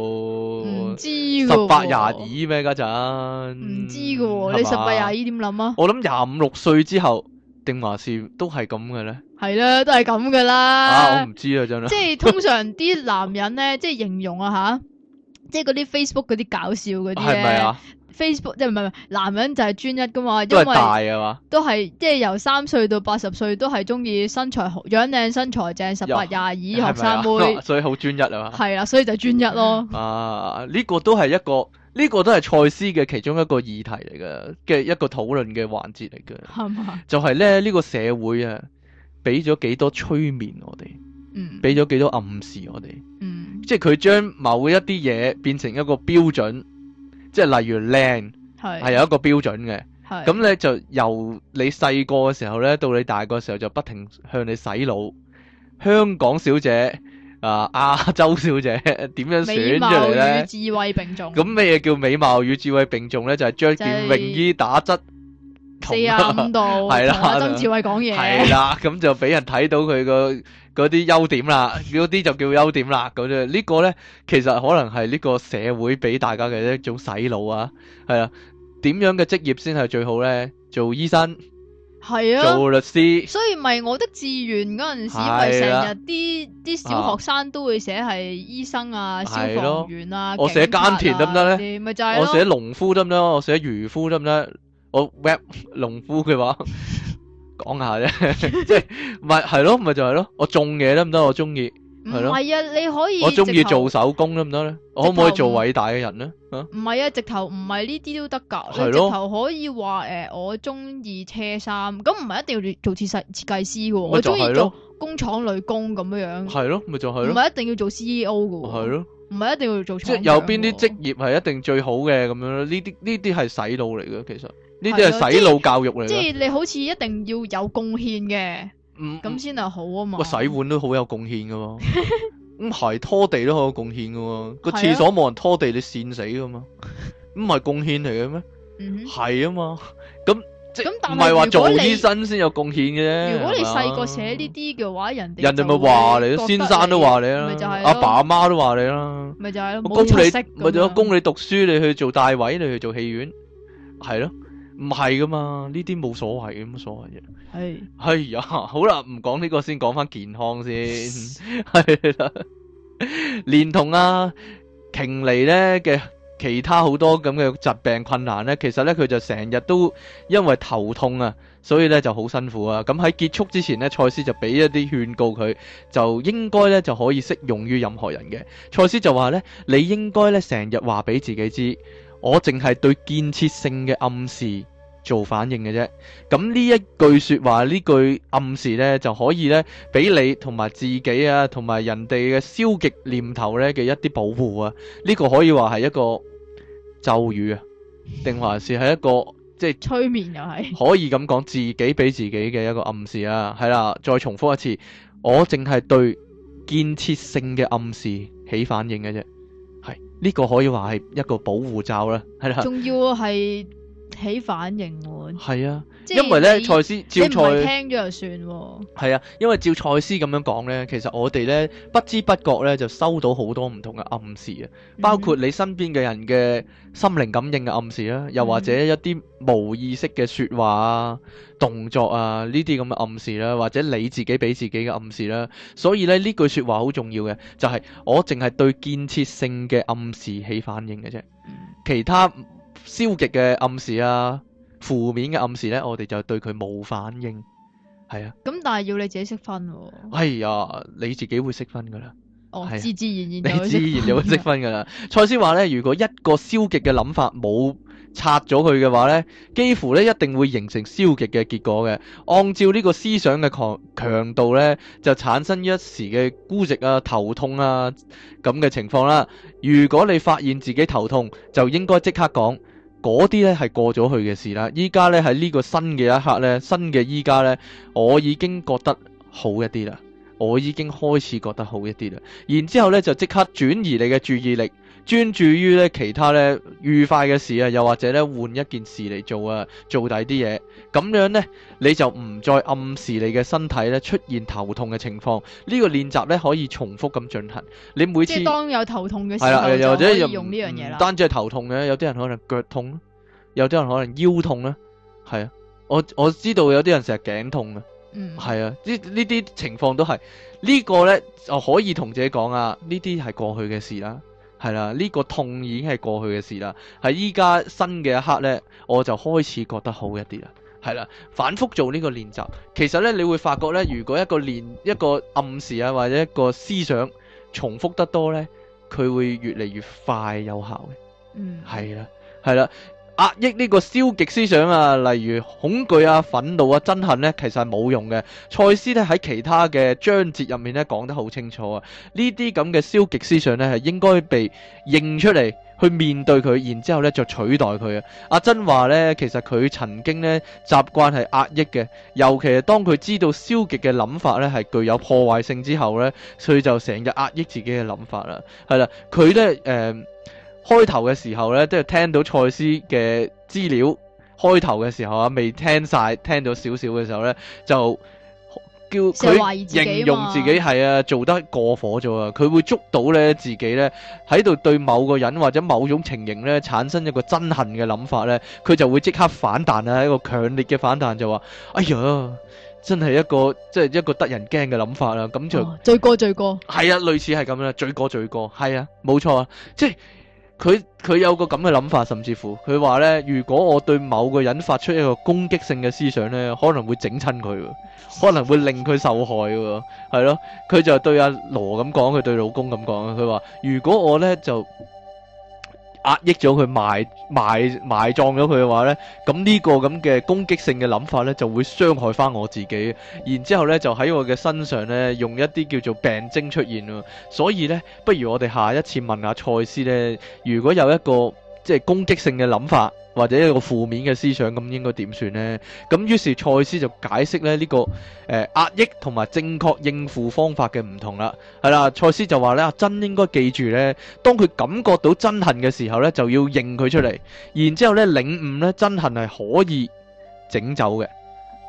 Speaker 2: 唔
Speaker 1: 知十八廿
Speaker 2: 二咩嗰陣，唔
Speaker 1: 知噶喎，你十八廿二點諗啊？我諗
Speaker 2: 廿五六歲之後定話少，都係咁嘅咧？
Speaker 1: 係啦，都係咁噶啦。啊，我唔知啊真係。即係通常啲男人咧，即係形容啊吓， 即係嗰啲 Facebook 嗰啲搞笑嗰啲咧。係咪啊？Facebook 即係唔係唔係男人就係專一噶嘛，因為都係即係由三歲到八十歲都係中意身材好、樣靚、身材正 18,、十八廿二學生妹，是是啊、
Speaker 2: 所以好專一啊嘛。係
Speaker 1: 啦，所以就專一咯 。
Speaker 2: 啊，呢、這個都係一個呢、這個都係賽斯嘅其中一個議題嚟嘅嘅一個討論嘅環節嚟嘅，係嘛？就係、是、咧呢、這個社會啊，俾咗幾多少催眠我哋，嗯，俾咗幾多少暗示我哋，嗯，即係佢將某一啲嘢變成一個標準。即係例如靚係係有一個標準嘅，咁咧就由你細個嘅時候咧到你大個時候就不停向你洗腦。香港小姐啊、呃，亞洲小姐點樣選出嚟咧？與智慧並
Speaker 1: 重。咁
Speaker 2: 咩嘢叫美貌與智慧並重咧？就係、是、着件泳衣打側，
Speaker 1: 四十五度，曾志偉講嘢。係啦，
Speaker 2: 咁 就俾人睇到佢個嗰啲優點啦，嗰啲就叫優點啦。咁、那、樣、個、呢個咧，其實可能係呢個社會俾大家嘅一種洗腦啊。係啊，點樣嘅職業先係最好咧？做醫生，
Speaker 1: 係啊，做
Speaker 2: 律師。
Speaker 1: 所以咪我的志願嗰陣時，咪成日啲啲小學生都會寫係醫生啊、消防員啊。啊我寫耕田得唔得咧？咪就係。我寫農
Speaker 2: 夫得唔得？我寫漁夫得唔得？我 rap 農夫嘅話講下啫，即係咪係咯？咪就係咯。我種嘢得唔得？我中意係咯。唔係
Speaker 1: 啊，你可以我中意做
Speaker 2: 手工得唔得咧？我可唔可以做偉大嘅人咧？
Speaker 1: 啊，唔係啊，直頭唔係呢啲都得噶。係咯，直頭可以話誒，我中意車衫咁，唔係一定要做設計設計師嘅。我中意做工廠女工咁樣樣。
Speaker 2: 係咯，咪就係咯。唔係一
Speaker 1: 定要做 CEO 嘅。係咯，唔係一定要做。即係有邊啲
Speaker 2: 職業係一定最好嘅咁樣咧？呢啲呢啲係洗腦嚟嘅，其實。呢啲係洗腦教育嚟即係
Speaker 1: 你好似一定要有貢獻嘅，咁先係好啊嘛。個洗
Speaker 2: 碗都好有貢獻噶喎唔係拖地都好有貢獻噶喎個廁所冇人拖地，你跣死噶嘛唔係貢獻嚟嘅咩？係啊嘛，
Speaker 1: 咁即係唔係話做醫
Speaker 2: 生先有貢獻嘅啫？如果你細個
Speaker 1: 寫呢啲嘅話，人哋人
Speaker 2: 哋咪話你咯，先生都話你啦，阿爸阿媽都話你啦，
Speaker 1: 咪就係咯，冇常識咪就
Speaker 2: 供你讀書，你去做大位，你去做戲院，係咯。唔係噶嘛，呢啲冇所謂嘅，冇所謂嘅。係，係呀，好啦，唔講呢個先，講翻健康先，係啦。連同啊，瓊尼咧嘅其他好多咁嘅疾病困難咧，其實咧佢就成日都因為頭痛啊，所以咧就好辛苦啊。咁喺結束之前咧，賽斯就俾一啲勸告佢，就應該咧就可以適用於任何人嘅。賽斯就話咧，你應該咧成日話俾自己知。我淨係對建設性嘅暗示做反應嘅啫，咁呢一句說話呢句暗示呢，就可以咧俾你同埋自己啊，同埋人哋嘅消極念頭呢嘅一啲保護啊，呢個可以話係一個咒語啊，定還是係一個 即係
Speaker 1: 催眠又係可
Speaker 2: 以咁講，自己俾自己嘅一個暗示啊，係啦，再重複一次，我淨係對建設性嘅暗示起反應嘅啫。呢個可以話，係一個保護罩啦，係啦，仲
Speaker 1: 要係。起反應喎、哦，
Speaker 2: 係啊你，因為咧賽斯照賽聽
Speaker 1: 咗就算喎、哦。
Speaker 2: 係啊，因為照賽斯咁樣講咧，其實我哋咧不知不覺咧就收到好多唔同嘅暗示啊、嗯，包括你身邊嘅人嘅心靈感應嘅暗示啦，又或者一啲無意識嘅説話啊、嗯、動作啊呢啲咁嘅暗示啦，或者你自己俾自己嘅暗示啦。所以咧呢這句説話好重要嘅，就係、是、我淨係對建設性嘅暗示起反應嘅啫、嗯，其他。消極嘅暗示啊，負面嘅暗示呢，我哋就對佢冇反應，係啊。
Speaker 1: 咁但係要你自己識分、哦。
Speaker 2: 哎呀，你自己會識分噶啦。哦，
Speaker 1: 自、啊、自然然，你自然就會識
Speaker 2: 分噶啦。 賽斯話呢，如果一個消極嘅諗法冇拆咗佢嘅話呢，幾乎呢一定會形成消極嘅結果嘅。按照呢個思想嘅強強度呢，就產生一時嘅孤寂啊、頭痛啊咁嘅情況啦。如果你發現自己頭痛，就應該即刻講。嗰啲咧係過咗去嘅事啦，依家咧喺呢個新嘅一刻咧，新嘅依家咧，我已經覺得好一啲啦，我已經開始覺得好一啲啦，然之後咧就即刻轉移你嘅注意力。專注於咧其他咧愉快嘅事啊，又或者咧換一件事嚟做啊，做第啲嘢咁樣咧，你就唔再暗示你嘅身體咧出現頭痛嘅情況。呢個練習咧可以重複咁進行。你每次即係當
Speaker 1: 有頭痛嘅時候係就可以或者用呢樣嘢啦。單
Speaker 2: 止係頭痛嘅，有啲人可能腳痛，有啲人可能腰痛咧，係啊。我我知道有啲人成日頸痛嘅，係、嗯、啊，呢呢啲情況都係呢個咧就可以同自己講啊。呢啲係過去嘅事啦。係啦，呢個痛已經係過去嘅事啦。喺依家新嘅一刻咧，我就開始覺得好一啲啦。係啦，反覆做呢個練習，其實咧，你會發覺呢，如果一個練一個暗示啊，或者一個思想重複得多呢，佢會越嚟越快有效嘅。嗯，係啦，係啦。壓抑呢個消極思想啊，例如恐懼啊、憤怒啊、憎恨呢，其實係冇用嘅。賽斯咧喺其他嘅章節入面咧講得好清楚啊，呢啲咁嘅消極思想呢，係應該被認出嚟去面對佢，然之後咧就取代佢啊。阿珍話呢，其實佢曾經呢習慣係壓抑嘅，尤其係當佢知道消極嘅諗法呢係具有破壞性之後呢，所以就成日壓抑自己嘅諗法啦。係啦，佢呢。誒、呃。開頭嘅時候呢，即係聽到賽斯嘅資料。開頭嘅時候啊，未聽晒，聽到少少嘅時候呢，就叫
Speaker 1: 佢形容自己
Speaker 2: 係啊做得過火咗啊。佢會捉到呢，自己呢喺度對某個人或者某種情形呢產生一個憎恨嘅諗法呢，佢就會即刻反彈啊，一個強烈嘅反彈就話：哎呀，真係一個即係一個得人驚嘅諗法啦。咁就
Speaker 1: 罪、哦、過，罪過。
Speaker 2: 係啊，類似係咁啦，罪過，罪過。係啊，冇錯啊，即係。佢佢有個咁嘅諗法，甚至乎佢話呢：如果我對某個人發出一個攻擊性嘅思想呢，可能會整親佢，可能會令佢受害喎，係咯。佢就對阿羅咁講，佢對老公咁講，佢話：如果我呢就，壓抑咗佢埋埋埋葬咗佢嘅話呢，咁呢個咁嘅攻擊性嘅諗法呢，就會傷害翻我自己。然之後呢，就喺我嘅身上呢，用一啲叫做病徵出現。所以呢，不如我哋下一次問下賽斯呢，如果有一個即係、就是、攻擊性嘅諗法。或者一個負面嘅思想，咁應該點算呢？咁於是賽斯就解釋咧呢個誒壓抑同埋正確應付方法嘅唔同啦。係啦，賽斯就話咧，真應該記住咧，當佢感覺到憎恨嘅時候咧，就要認佢出嚟，然之後咧，領悟咧憎恨係可以整走嘅，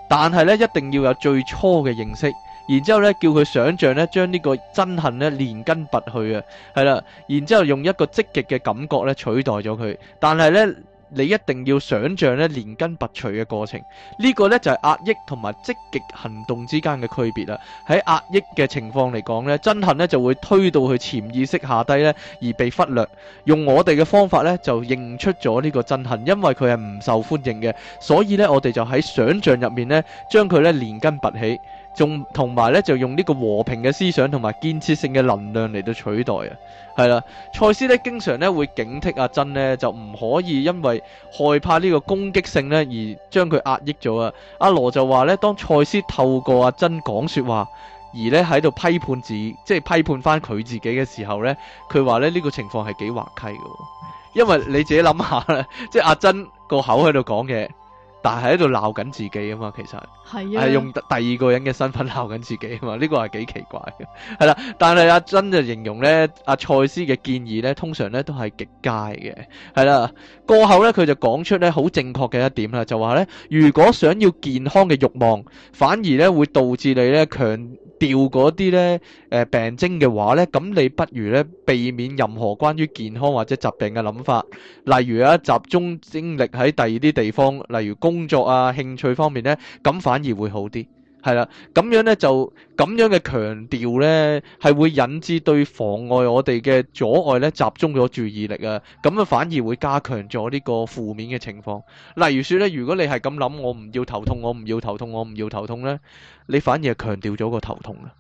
Speaker 2: 但係咧一定要有最初嘅認識，然之後咧叫佢想象咧將呢個憎恨咧連根拔去啊。係啦，然之後用一個積極嘅感覺咧取代咗佢，但係咧，你一定要想象咧連根拔除嘅過程，呢、呢個呢就係壓抑同埋積極行動之間嘅區別啦。喺壓抑嘅情況嚟講呢，憎恨呢就會推到去潛意識下低呢，而被忽略。用我哋嘅方法呢，就認出咗呢個憎恨，因為佢係唔受歡迎嘅，所以呢，我哋就喺想象入面呢，將佢咧連根拔起。仲同埋咧，就用呢個和平嘅思想同埋建設性嘅能量嚟到取代啊，係啦。賽斯咧經常咧會警惕阿珍，咧，就唔可以因為害怕呢個攻擊性咧而將佢壓抑咗啊。阿羅就話咧，當賽斯透過阿珍講說話而咧喺度批判自己，即係批判翻佢自己嘅時候咧，佢話咧呢、呢個情況係幾滑稽嘅，因為你自己諗下啦，即 係阿珍個口喺度講嘢，但係喺度鬧緊自己啊嘛，其實。係啊，係用第二個人嘅身份鬧緊自己啊嘛，呢個係幾奇怪嘅。係啦，但係阿珍就形容咧，阿賽斯嘅建議咧，通常咧都係極佳嘅。係啦，過後咧佢就講出咧好正確嘅一點啦，就話咧，如果想要健康嘅慾望，反而咧會導致你咧強調嗰啲咧誒病徵嘅話咧，咁你不如咧避免任何關於健康或者疾病嘅諗法，例如啊集中精力喺第二啲地方，例如工作啊興趣方面咧，咁反。反而會好啲，係啦，咁樣咧就咁樣嘅強調呢，係會引致對妨礙我哋嘅阻礙咧集中咗注意力啊，咁樣反而會加強咗呢個負面嘅情況。例如說咧，如果你係咁諗，我唔要頭痛，我唔要頭痛，我唔要頭痛呢，你反而係強調咗個頭痛啦。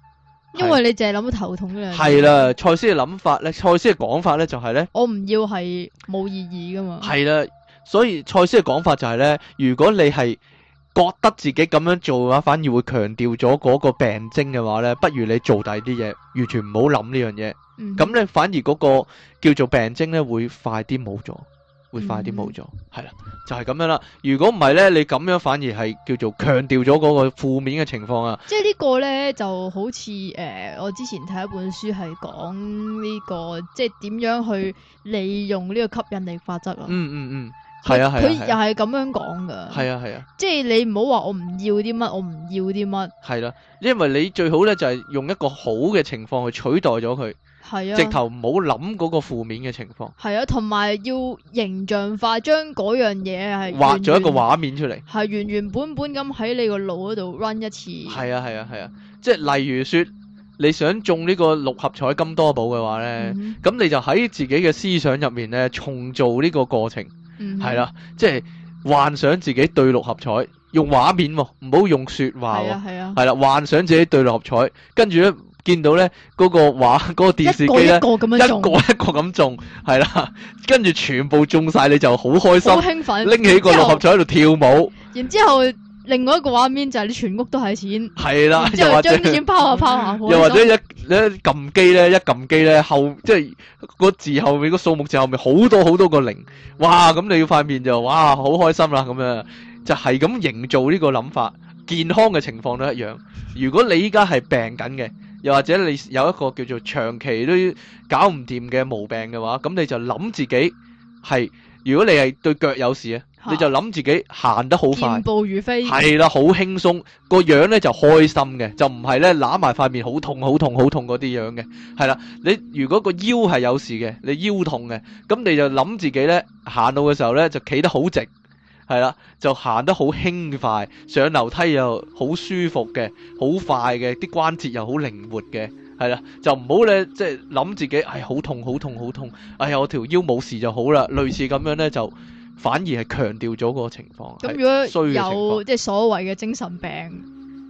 Speaker 1: 因為你淨係諗到頭痛嘅。係啦，
Speaker 2: 賽斯嘅諗法咧，賽斯嘅講法呢，就係呢：「
Speaker 1: 我唔要」係冇意義噶嘛。係
Speaker 2: 啦，所以賽斯嘅講法就係呢：「如果你係。覺得自己咁樣做嘅話，反而會強調咗嗰個病徵嘅話呢，不如你做第啲嘢，完全唔好諗呢樣嘢。咁咧，反而嗰個叫做病徵呢，會快啲冇咗，會快啲冇咗。係啦，mm-hmm. 就係咁樣啦。如果唔係呢，你咁樣反而係叫做強調咗嗰個負面嘅情況啊。
Speaker 1: 即係呢個呢，就好似誒，我之前睇一本書係講呢個，即係點樣去利用呢個吸引力法則啊。嗯嗯嗯。嗯係啊，佢又係咁樣講噶。係啊，係啊。即係你唔好話我唔要啲乜，我唔要啲乜。
Speaker 2: 係啦，啊，因為你最好咧就係用一個好嘅情況去取代咗佢。
Speaker 1: 係啊，直頭
Speaker 2: 唔好諗嗰個負面嘅情況。
Speaker 1: 係啊，同埋要形象化，將嗰樣嘢係畫咗一個
Speaker 2: 畫面出嚟。
Speaker 1: 係原原本本咁喺你個腦嗰度 run 一次。
Speaker 2: 係啊，係啊，係啊，啊，啊。即係例如說，你想中呢個六合彩金多寶嘅話咧，咁，嗯，你就喺自己嘅思想入面咧重做呢個過程。嗯係啦，即係幻想自己對六合彩，用畫面喎、哦，唔好用說話喎、哦。係啊係啦、啊，幻想自己對六合彩，跟住咧見到咧嗰、那個畫，嗰、那個電視機咧，一個一個咁樣中，一個一個咁中，係啦，跟住全部中晒你就好開心，興奮，拎起個六合彩喺度跳舞。
Speaker 1: 然之後。另外一個畫面就係你全屋都係錢，
Speaker 2: 係啦，即係將啲錢
Speaker 1: 拋下拋下，又或者
Speaker 2: 一一撳機咧，一撳機咧後，即係嗰字後面個數目字後面好多好多個零，哇！咁你要塊面就哇，好開心啦咁樣，就係咁營造呢個諗法。健康嘅情況都一樣。如果你依家係病緊嘅，又或者你有一個叫做長期都搞唔掂嘅毛病嘅話，咁你就諗自己係。如果你係對腳有事啊？你就諗自己行得好快，健步如飛，係啦，好輕鬆，個樣咧就開心嘅，就唔係咧揦埋塊面好痛好痛好痛嗰啲樣嘅，係啦。你如果個腰係有事嘅，你腰痛嘅，咁你就諗自己咧行路嘅時候咧就企得好直，係啦，就行得好輕快，上樓梯又好舒服嘅，好快嘅，啲關節又好靈活嘅，係啦，就唔好咧即係諗自己係好痛好痛好痛，哎呀我條腰冇事就好啦，類似咁樣咧就。反而係強調咗個情況，咁、嗯、如果有即係、就
Speaker 1: 是、所謂嘅精神病，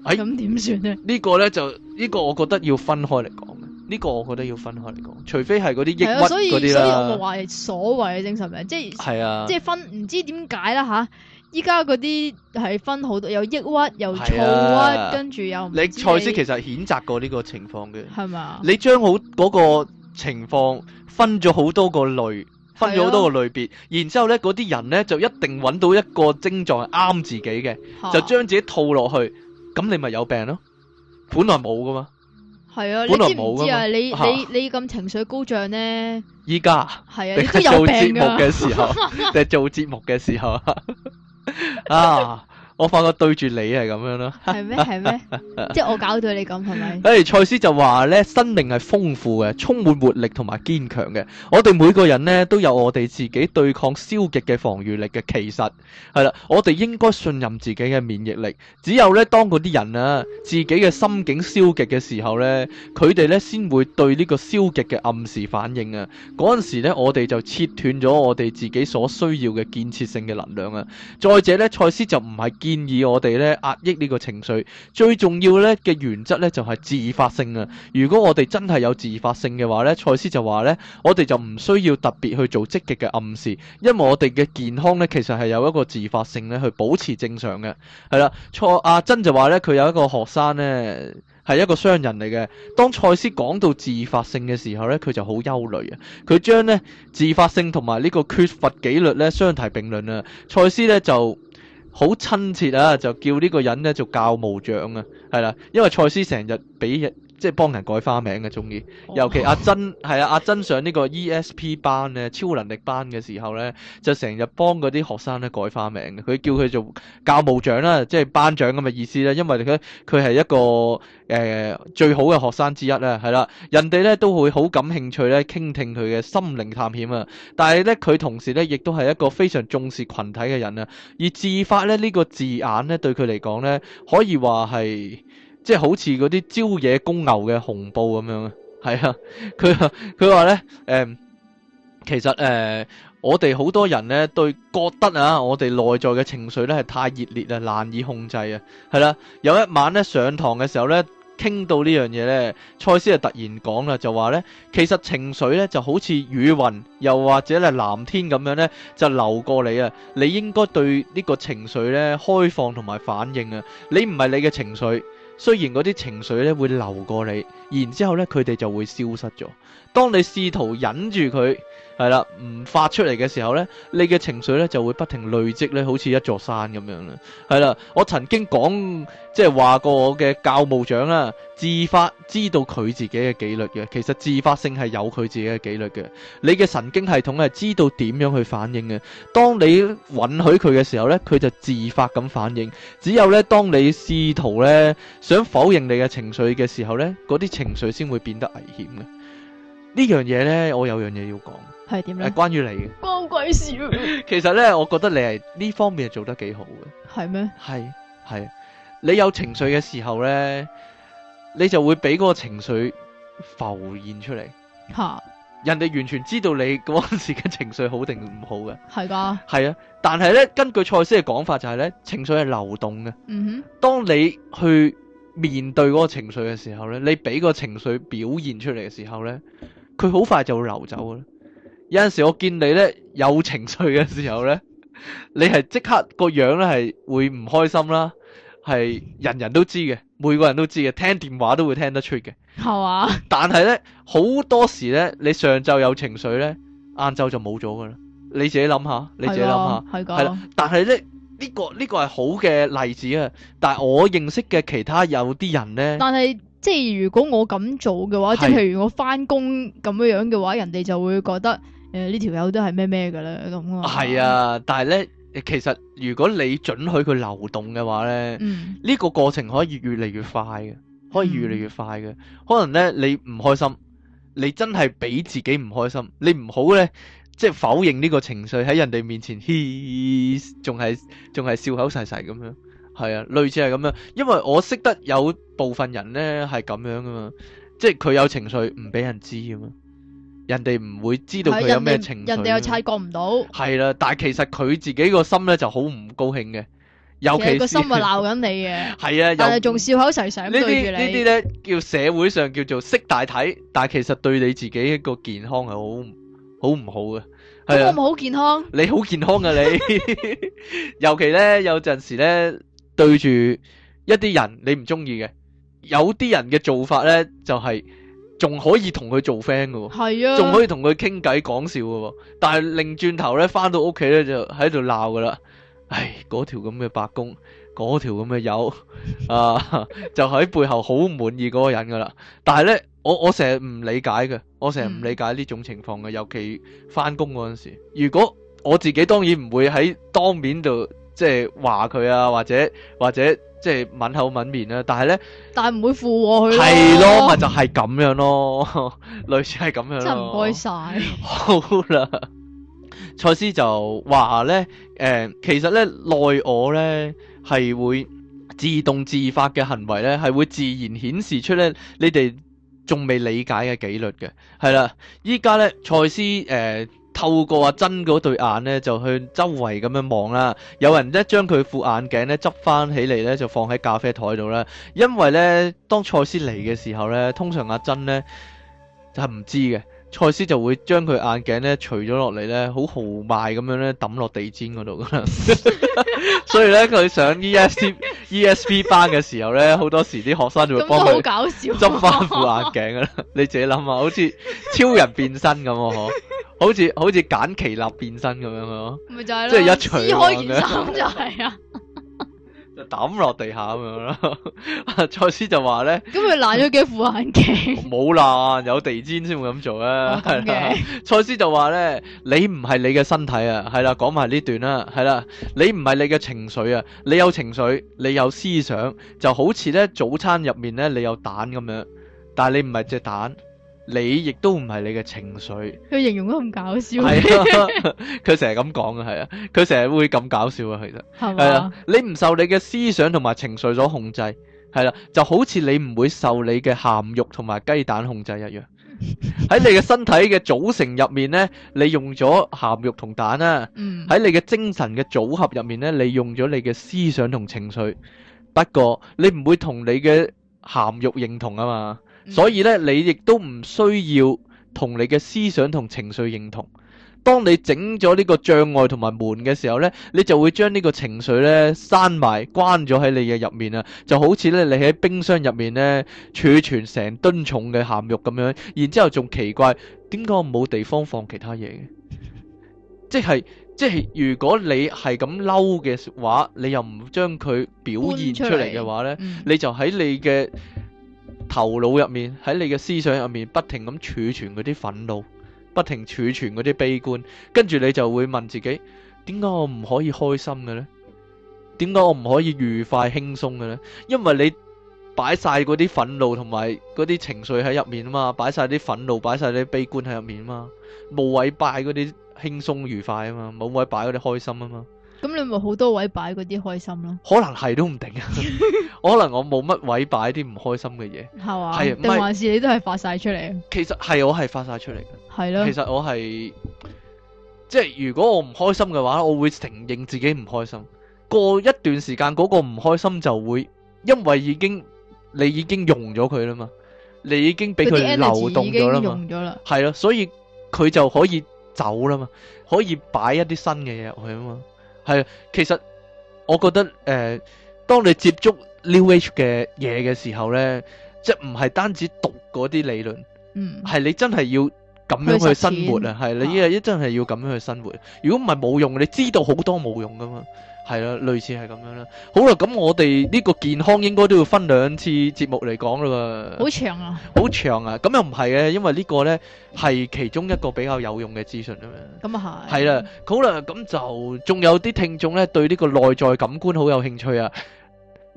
Speaker 1: 咁點算呢？呢、這個呢，就呢
Speaker 2: 個，我覺得要分開嚟講嘅。呢個我覺得要分開嚟講呢、這個我覺得要分開嚟講除非係嗰啲
Speaker 1: 抑鬱嗰啲、啊、所以所以我唔係話所謂嘅精神病，即係、啊、即係分唔知點解啦吓，依家嗰啲係分好多，有抑鬱，有躁鬱，跟住、啊、又你，你賽斯其
Speaker 2: 實譴責過呢個情況嘅，係咪？你將好嗰、那個情況分咗好多個類。分咗好多個類別、啊，然之後咧，嗰啲人咧就一定揾到一個症狀係啱自己嘅、啊，就將自己套落去，咁你咪有病咯。本來冇噶嘛，
Speaker 1: 係啊，本來冇啊嘛。你知知、啊、你你咁情緒高漲咧，
Speaker 2: 依家係啊，你做節目嘅時候，你 做節目嘅時候 啊。 我發覺對住你係咁樣咯，係咩係咩？是 即係我
Speaker 1: 搞到你咁
Speaker 2: 係咪？誒， 賽斯就話咧，生命係豐富嘅，充滿活力同埋堅強嘅。我哋每個人咧都有我哋自己對抗消極嘅防禦力嘅。其實係啦，我哋應該信任自己嘅免疫力。只有咧當嗰啲人啊，自己嘅心境消極嘅時候咧，佢哋咧先會對呢個消極嘅暗示反應啊。嗰陣時咧，我哋就切斷咗我哋自己所需要嘅建設性嘅能量啊。再者咧，賽斯就唔係建。建議我哋咧壓抑呢個情緒，最重要咧嘅原則咧就係、是、自發性啊！如果我哋真係有自發性嘅話咧，賽斯就話咧，我哋就唔需要特別去做積極嘅暗示，因為我哋嘅健康咧其實係有一個自發性咧去保持正常嘅。係啦，賽阿珍、啊、就話咧，佢有一個學生咧係一個商人嚟嘅，當賽斯講到自發性嘅時候咧，佢就好憂慮啊！佢將咧自發性同埋呢個缺乏紀律咧相提並論啊！賽斯咧就。好親切啊！就叫呢個人呢做教務長啊，係啦，因為賽斯成日俾人。即係幫人改花名嘅，中意。尤其阿珍係啊， 阿珍上呢個 ESP 班咧，超能力班嘅時候咧，就成日幫嗰啲學生咧改花名嘅。佢叫佢做教務長啦，即係班長咁嘅意思啦。因為佢佢係一個誒、呃、最好嘅學生之一啦，係啦，人哋咧都會好感興趣咧傾聽佢嘅心靈探險啊。但係咧，佢同時咧亦都係一個非常重視群體嘅人啊。而自發咧呢個字眼咧對佢嚟講咧，可以話係。即係好似嗰啲朝野公牛嘅紅布咁樣，係啊，佢佢話咧誒，其實誒、嗯、我哋好多人咧對覺得啊，我哋內在嘅情緒咧係太熱烈啊，難以控制啊，係啦，有一晚咧上堂嘅時候咧傾到這呢樣嘢咧，賽斯啊突然講啦，就話咧其實情緒咧就好似雨雲，又或者係藍天咁樣咧就流過你啊，你應該對呢個情緒咧開放同埋反應啊，你唔係你嘅情緒。雖然嗰啲情緒咧會流過你，然之後咧佢哋就會消失咗。當你試圖忍住佢，係啦，唔發出嚟嘅時候呢，你嘅情緒呢就會不停累積咧，好似一座山咁樣啦。係啦，我曾經講即係話過我嘅教務長啦，自發知道佢自己嘅紀律嘅，其實自發性係有佢自己嘅紀律嘅。你嘅神經系統係知道點樣去反應嘅。當你允許佢嘅時候呢，佢就自發咁反應。只有咧，當你試圖咧，想否認你嘅情緒嘅時候呢，嗰啲情緒先會變得危險嘅。呢樣嘢呢，我有樣嘢要講。係點咧？係、啊、關於你嘅
Speaker 1: 光鬼事、啊。
Speaker 2: 其實咧，我覺得你係呢方面係做得幾好嘅。
Speaker 1: 係咩？
Speaker 2: 係，係你有情緒嘅時候咧，你就會俾嗰個情緒浮現出嚟吓。人哋完全知道你嗰陣時嘅情緒好定唔好嘅。
Speaker 1: 係噶，
Speaker 2: 係啊。但係咧，根據賽斯嘅講法，就係咧，情緒係流動嘅。嗯哼。當你去面對嗰個情緒嘅時候咧，你俾個情緒表現出嚟嘅時候咧，佢好快就會流走嘅。有陣時我見你咧有情緒嘅時候咧，你係即刻個樣咧係會唔開心啦，係人人都知嘅，每個人都知嘅，聽電話都會聽得出嘅，
Speaker 1: 係嘛？
Speaker 2: 但係咧好多時咧，你上晝有情緒咧，晏晝就冇咗噶啦。你自己諗下，你自己諗下，係啦。但係咧呢個呢個係好嘅例子啊！但係我認識嘅其他有啲人咧，但
Speaker 1: 係即係如果我咁做嘅話，是的即係譬如我翻工咁樣樣嘅話，人哋就會覺得。誒、這個，呢條友都係咩咩噶啦咁啊！係
Speaker 2: 啊，但係呢，其實如果你准許佢流動嘅話咧，呢、嗯這個過程可以越嚟越快嘅，可以越嚟越快嘅，嗯。可能呢，你唔開心，你真係俾自己唔開心，你唔好呢，即、就、係、是、否認呢個情緒喺人哋面前，嘻仲係仲係笑口晒晒咁樣。係啊，類似係咁樣，因為我識得有部分人呢係咁樣噶嘛，即係佢有情緒唔俾人知咁樣。人哋唔會知道佢有咩情緒，人哋又察
Speaker 1: 覺唔到。
Speaker 2: 係啦，但係其實佢自己個心咧就好唔高興嘅，尤其個心啊
Speaker 1: 鬧緊你嘅，
Speaker 2: 係啊，但係仲
Speaker 1: 笑口常常對住你，呢啲呢啲咧
Speaker 2: 叫社會上叫做識大體，但係其實對你自己一個健康係好好唔好嘅，係我咁唔好健康？你好健康啊你， 尤其咧有陣時咧對住一啲人你唔中意嘅，有啲人嘅做法咧就係、是。仲可以同佢做 friend 嘅，
Speaker 1: 係啊，仲可以同
Speaker 2: 佢傾偈講笑嘅，但係另轉頭咧，翻到屋企咧就喺度鬧嘅啦。唉，嗰條咁嘅白宮，嗰條咁嘅友啊，就喺背後好唔滿意嗰個人嘅啦。但係咧，我我成日唔理解嘅，我成日唔理解呢種情況嘅，嗯，尤其翻工嗰陣時候，如果我自己當然唔會喺當面度即係話佢啊，或者或者。即係吻口吻面啦、啊，但係咧，
Speaker 1: 但係唔會附和佢咯，係
Speaker 2: 咯，咪就係、是、咁樣咯， 類似係咁樣咯，真唔
Speaker 1: 該晒。
Speaker 2: 好啦，賽斯就話咧，誒、呃，其實咧內我咧係會自動自發嘅行為咧，係會自然顯示出咧你哋仲未理解嘅紀律嘅，係啦，依家咧賽斯誒。呃透過阿珍嗰對眼咧，就去周圍咁樣望啦。有人咧將佢副眼鏡咧執翻起嚟咧，就放喺咖啡枱度啦。因為咧，當賽斯嚟嘅時候咧，通常阿珍咧就係唔知嘅。賽斯就會將佢眼鏡咧除咗落嚟咧，好豪邁咁樣咧抌落地氈嗰度咁啦。所以咧，佢上 E S P E S P 班嘅時候咧，好多時啲學生就會幫佢執翻副眼鏡噶啦。 你自己諗下，好似超人變身咁啊， 好似好似簡奇立變身咁樣，就、就係、樣
Speaker 1: 就啊，即係一除開件衫就係啊。
Speaker 2: 抌落地下咁樣咯， 賽斯就話咧，
Speaker 1: 咁佢爛咗幾副眼鏡？
Speaker 2: 冇 爛，有地氈先會咁做嘅、啊。賽斯就話咧，你唔係你嘅身體啊，係啦，講埋呢段啦，係啦，你唔係你嘅情緒啊，你有情緒，你有思想，就好似咧早餐入面咧，你有蛋咁樣，但係你唔係隻蛋。你亦都唔係你嘅情緒。
Speaker 1: 佢形容得咁搞笑。係啊，
Speaker 2: 佢成日咁講啊，係啊，佢成日會咁搞笑啊，其實係啊。你唔受你嘅思想同埋情緒所控制，係啦，就好似你唔會受你嘅鹹肉同埋雞蛋控制一樣。喺你嘅身體嘅組成入面咧，你用咗鹹肉同蛋啊。嗯。喺你嘅精神嘅組合入面咧，你用咗你嘅思想同情緒。不過你唔會同你嘅鹹肉認同啊嘛。所以咧，你亦都唔需要同你嘅思想同情緒認同。當你整咗呢個障礙同埋門嘅時候呢，你就會將呢個情緒呢閂埋關咗喺你嘅入面啊，就好似呢你喺冰箱入面呢，儲存成噸重嘅鹹肉咁樣，然之後仲奇怪點解我冇地方放其他嘢嘅？ 即係即係，如果你係咁嬲嘅話，你又唔將佢表現出嚟嘅話呢，你就喺你嘅。嗯頭腦入面喺你嘅思想入面，不停咁儲存嗰啲憤怒，不停儲存嗰啲悲觀，跟住你就會問自己，點解我唔可以開心嘅呢？點解我唔可以愉快輕鬆嘅呢？因為你擺晒嗰啲憤怒同埋嗰啲情緒喺入面啊嘛，擺晒啲憤怒，擺晒啲悲觀喺入面啊嘛，冇位擺嗰啲輕鬆愉快啊嘛，冇位擺嗰啲開心啊嘛。
Speaker 1: 咁你咪好多位擺嗰啲開心咯？可能
Speaker 2: 係都唔定啊。 可能我冇乜位擺啲唔開心嘅嘢，係啊，定還是
Speaker 1: 你都係發晒出嚟？
Speaker 2: 其實係我係發晒出嚟嘅，係咯。其實我係即係，如果我唔開心嘅話，我會承認自己唔開心。過一段時間，嗰個唔開心就會因為已經你已經用咗佢啦嘛，你已經俾佢流動咗啦嘛，係咯，所以佢就可以走啦嘛，可以擺一啲新嘅嘢入去啊嘛。係啊，其實我覺得誒，當你接觸 New Age 嘅嘢嘅時候咧，即係唔係單止讀嗰啲理論，嗯，係你真係要咁樣去生活啊。係你一日一真係要咁樣去生活。如果唔係冇用，你知道好多冇用噶嘛。係啦，類似係咁樣啦。好啦，咁我哋呢個健康應該都要分兩次節目嚟講嘞喎。好
Speaker 1: 長啊！
Speaker 2: 好長啊！咁又唔係嘅，因為呢個呢係其中一個比較有用嘅資訊啊嘛。咁啊係。係啦，好啦，咁就仲有啲聽眾呢對呢個內在感官好有興趣啊。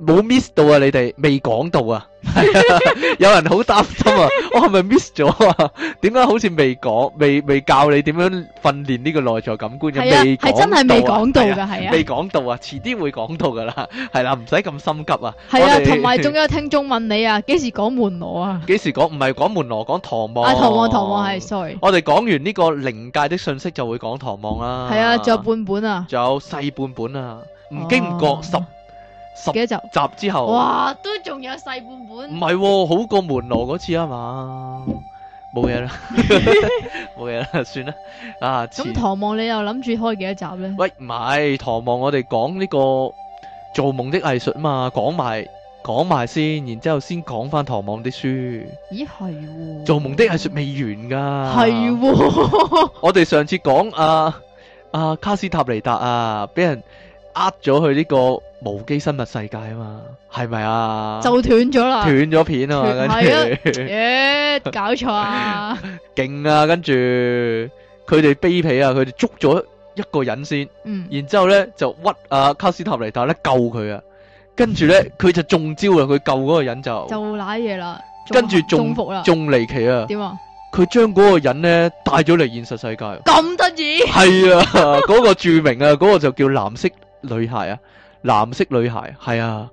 Speaker 2: 冇 miss 到啊！你哋未講到啊，係啊！有人好擔心啊，我係咪 miss 咗啊？點解好似未講？未未教你點樣訓練呢個內在感官？咁未講係真係未講到噶，係啊，未講到啊，遲啲會講到噶啦，係啦，唔使咁心急啊。係啊，同埋仲
Speaker 1: 有聽眾問你啊，幾時講門羅啊？
Speaker 2: 幾時講？唔係講門羅，講唐望啊，唐望唐
Speaker 1: 望係 sorry。
Speaker 2: 我哋講完呢個靈界的信息就會講唐望啦。係啊，仲有
Speaker 1: 半本啊，
Speaker 2: 仲有細半本啊，唔經唔覺十。十幾集集之後，哇，
Speaker 1: 都仲有細半本，本，唔係、
Speaker 2: 喎，好過門羅嗰次啊嘛，冇嘢啦，冇嘢啦，算啦啊。咁《唐
Speaker 1: 望》，你又諗住開幾多集咧？喂，
Speaker 2: 唔係《唐望》，我哋講呢個做夢的藝術啊嘛，講埋講埋先，然之後先講翻《唐望》啲書。
Speaker 1: 咦，係、喎、
Speaker 2: 做夢的藝術未完噶？係、
Speaker 1: 喎，
Speaker 2: 我哋上次講啊啊卡斯塔尼達啊，俾人呃咗去呢、呢個。無機生物世界啊嘛，係咪啊？就斷咗啦，斷咗片啊嘛。係啊，耶，
Speaker 1: 搞錯啊！
Speaker 2: 勁啊，跟住佢哋卑鄙啊，佢哋捉咗一個人先，嗯，然之後咧就屈阿卡斯塔尼達咧救佢啊，跟住咧佢就中招啦，佢救嗰個人就
Speaker 1: 就瀨嘢啦，
Speaker 2: 跟住中伏啦，仲離奇啊！點啊？佢將嗰個人咧帶咗嚟現實世界，
Speaker 1: 咁得意係啊！
Speaker 2: 嗰個著名啊，嗰個就叫藍色女孩啊。藍色女孩係啊，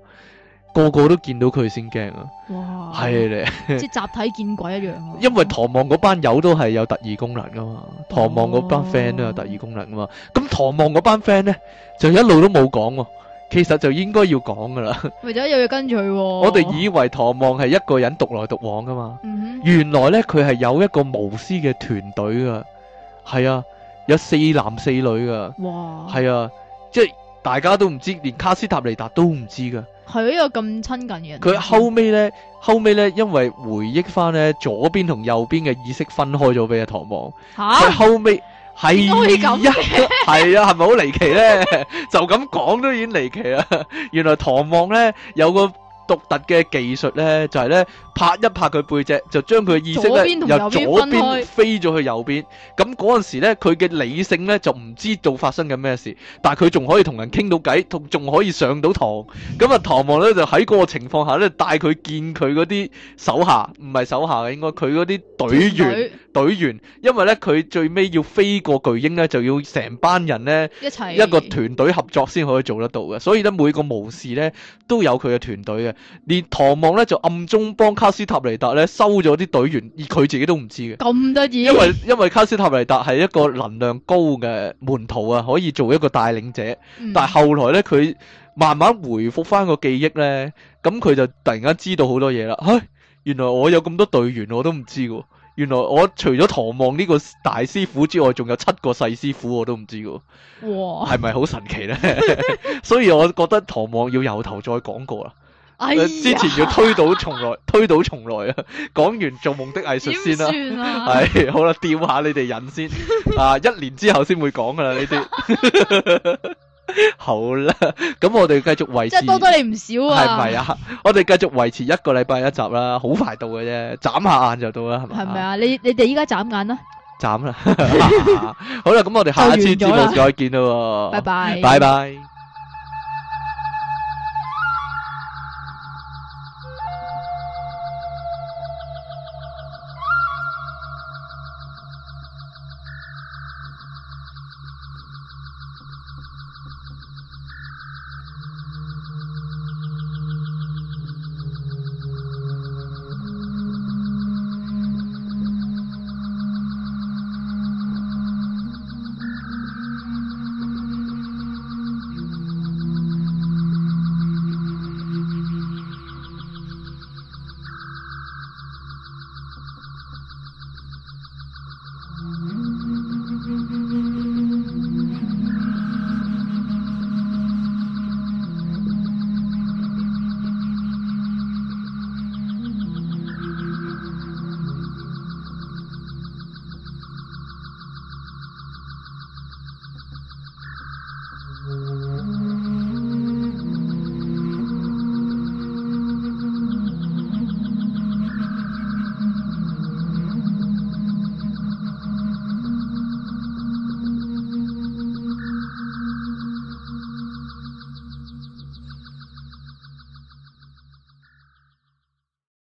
Speaker 2: 個個都見到佢先驚啊！哇，係啊，即係
Speaker 1: 集體見鬼一樣咯。
Speaker 2: 因為唐望嗰班友都係有特異功能噶嘛，唐望嗰班 friend 都有特異功能噶嘛。咁唐望嗰班 friend 咧，就一路都冇講，其實就應該要講噶啦。
Speaker 1: 為咗又要跟住佢。我哋以
Speaker 2: 為唐望係一個人獨來獨往噶嘛，原來咧佢係有一個無私嘅團隊噶，係啊，有四男四女噶，係啊，即係。大家都唔知，連卡斯塔尼達都唔知噶，
Speaker 1: 係呢個咁親近嘅人。佢後
Speaker 2: 尾咧，後尾咧，因為回憶翻咧，左邊同右邊嘅意識分開咗俾阿唐望。吓，後尾喺，啊，係啊，係咪好離奇咧？就咁講都已經離奇啊！原來唐望咧有個。獨特嘅技術呢，就係、是、呢拍一拍佢背脊，就將佢嘅意識呢左邊邊由左邊飛咗去右邊。咁嗰陣時呢，佢嘅理性呢就唔知道發生緊咩事，但係佢仲可以同人傾到偈，同仲可以上到堂。咁啊，唐王呢，就喺嗰個情況下呢，帶佢見佢嗰啲手下，唔係手下嘅應該佢嗰啲隊員，隊員。因為呢，佢最尾要飛過巨鷹呢，就要成班人呢，一齊一個團隊合作先可以做得到嘅。所以呢，每個武士呢，都有佢嘅團隊嘅。連唐望咧就暗中幫卡斯塔尼達咧收咗啲隊員，而佢自己都唔知嘅。
Speaker 1: 咁得意，因為
Speaker 2: 因為卡斯塔尼達係一個能量高嘅門徒啊，可以做一個帶領者。嗯、但係後來咧，佢慢慢回復翻個記憶咧，咁佢就突然間知道好多嘢啦、哎。原來我有咁多隊員，我都唔知嘅。原來我除咗唐望呢個大師傅之外，仲有七個細師傅，我都唔知嘅。
Speaker 1: 哇，係咪好
Speaker 2: 神奇咧？ 所以我覺得唐望要由頭再講過啦。
Speaker 1: 之前要推
Speaker 2: 倒重來，哎、推倒重來啊！講完做夢的藝術先啦，係好啦，吊一下你哋癮先 啊！一年之後先會講噶啦，呢啲 好啦，咁我哋繼續維持，即係多得
Speaker 1: 你唔少啊！係唔係啊？
Speaker 2: 我哋繼續維持一個禮拜一集啦，好快到嘅啫，眨下眼就到啦，係咪？
Speaker 1: 係咪啊？你你哋依家眨眼啦，
Speaker 2: 眨啦！ 好啦，咁我哋下一次節目再見啦，拜拜、啊，拜拜。Bye bye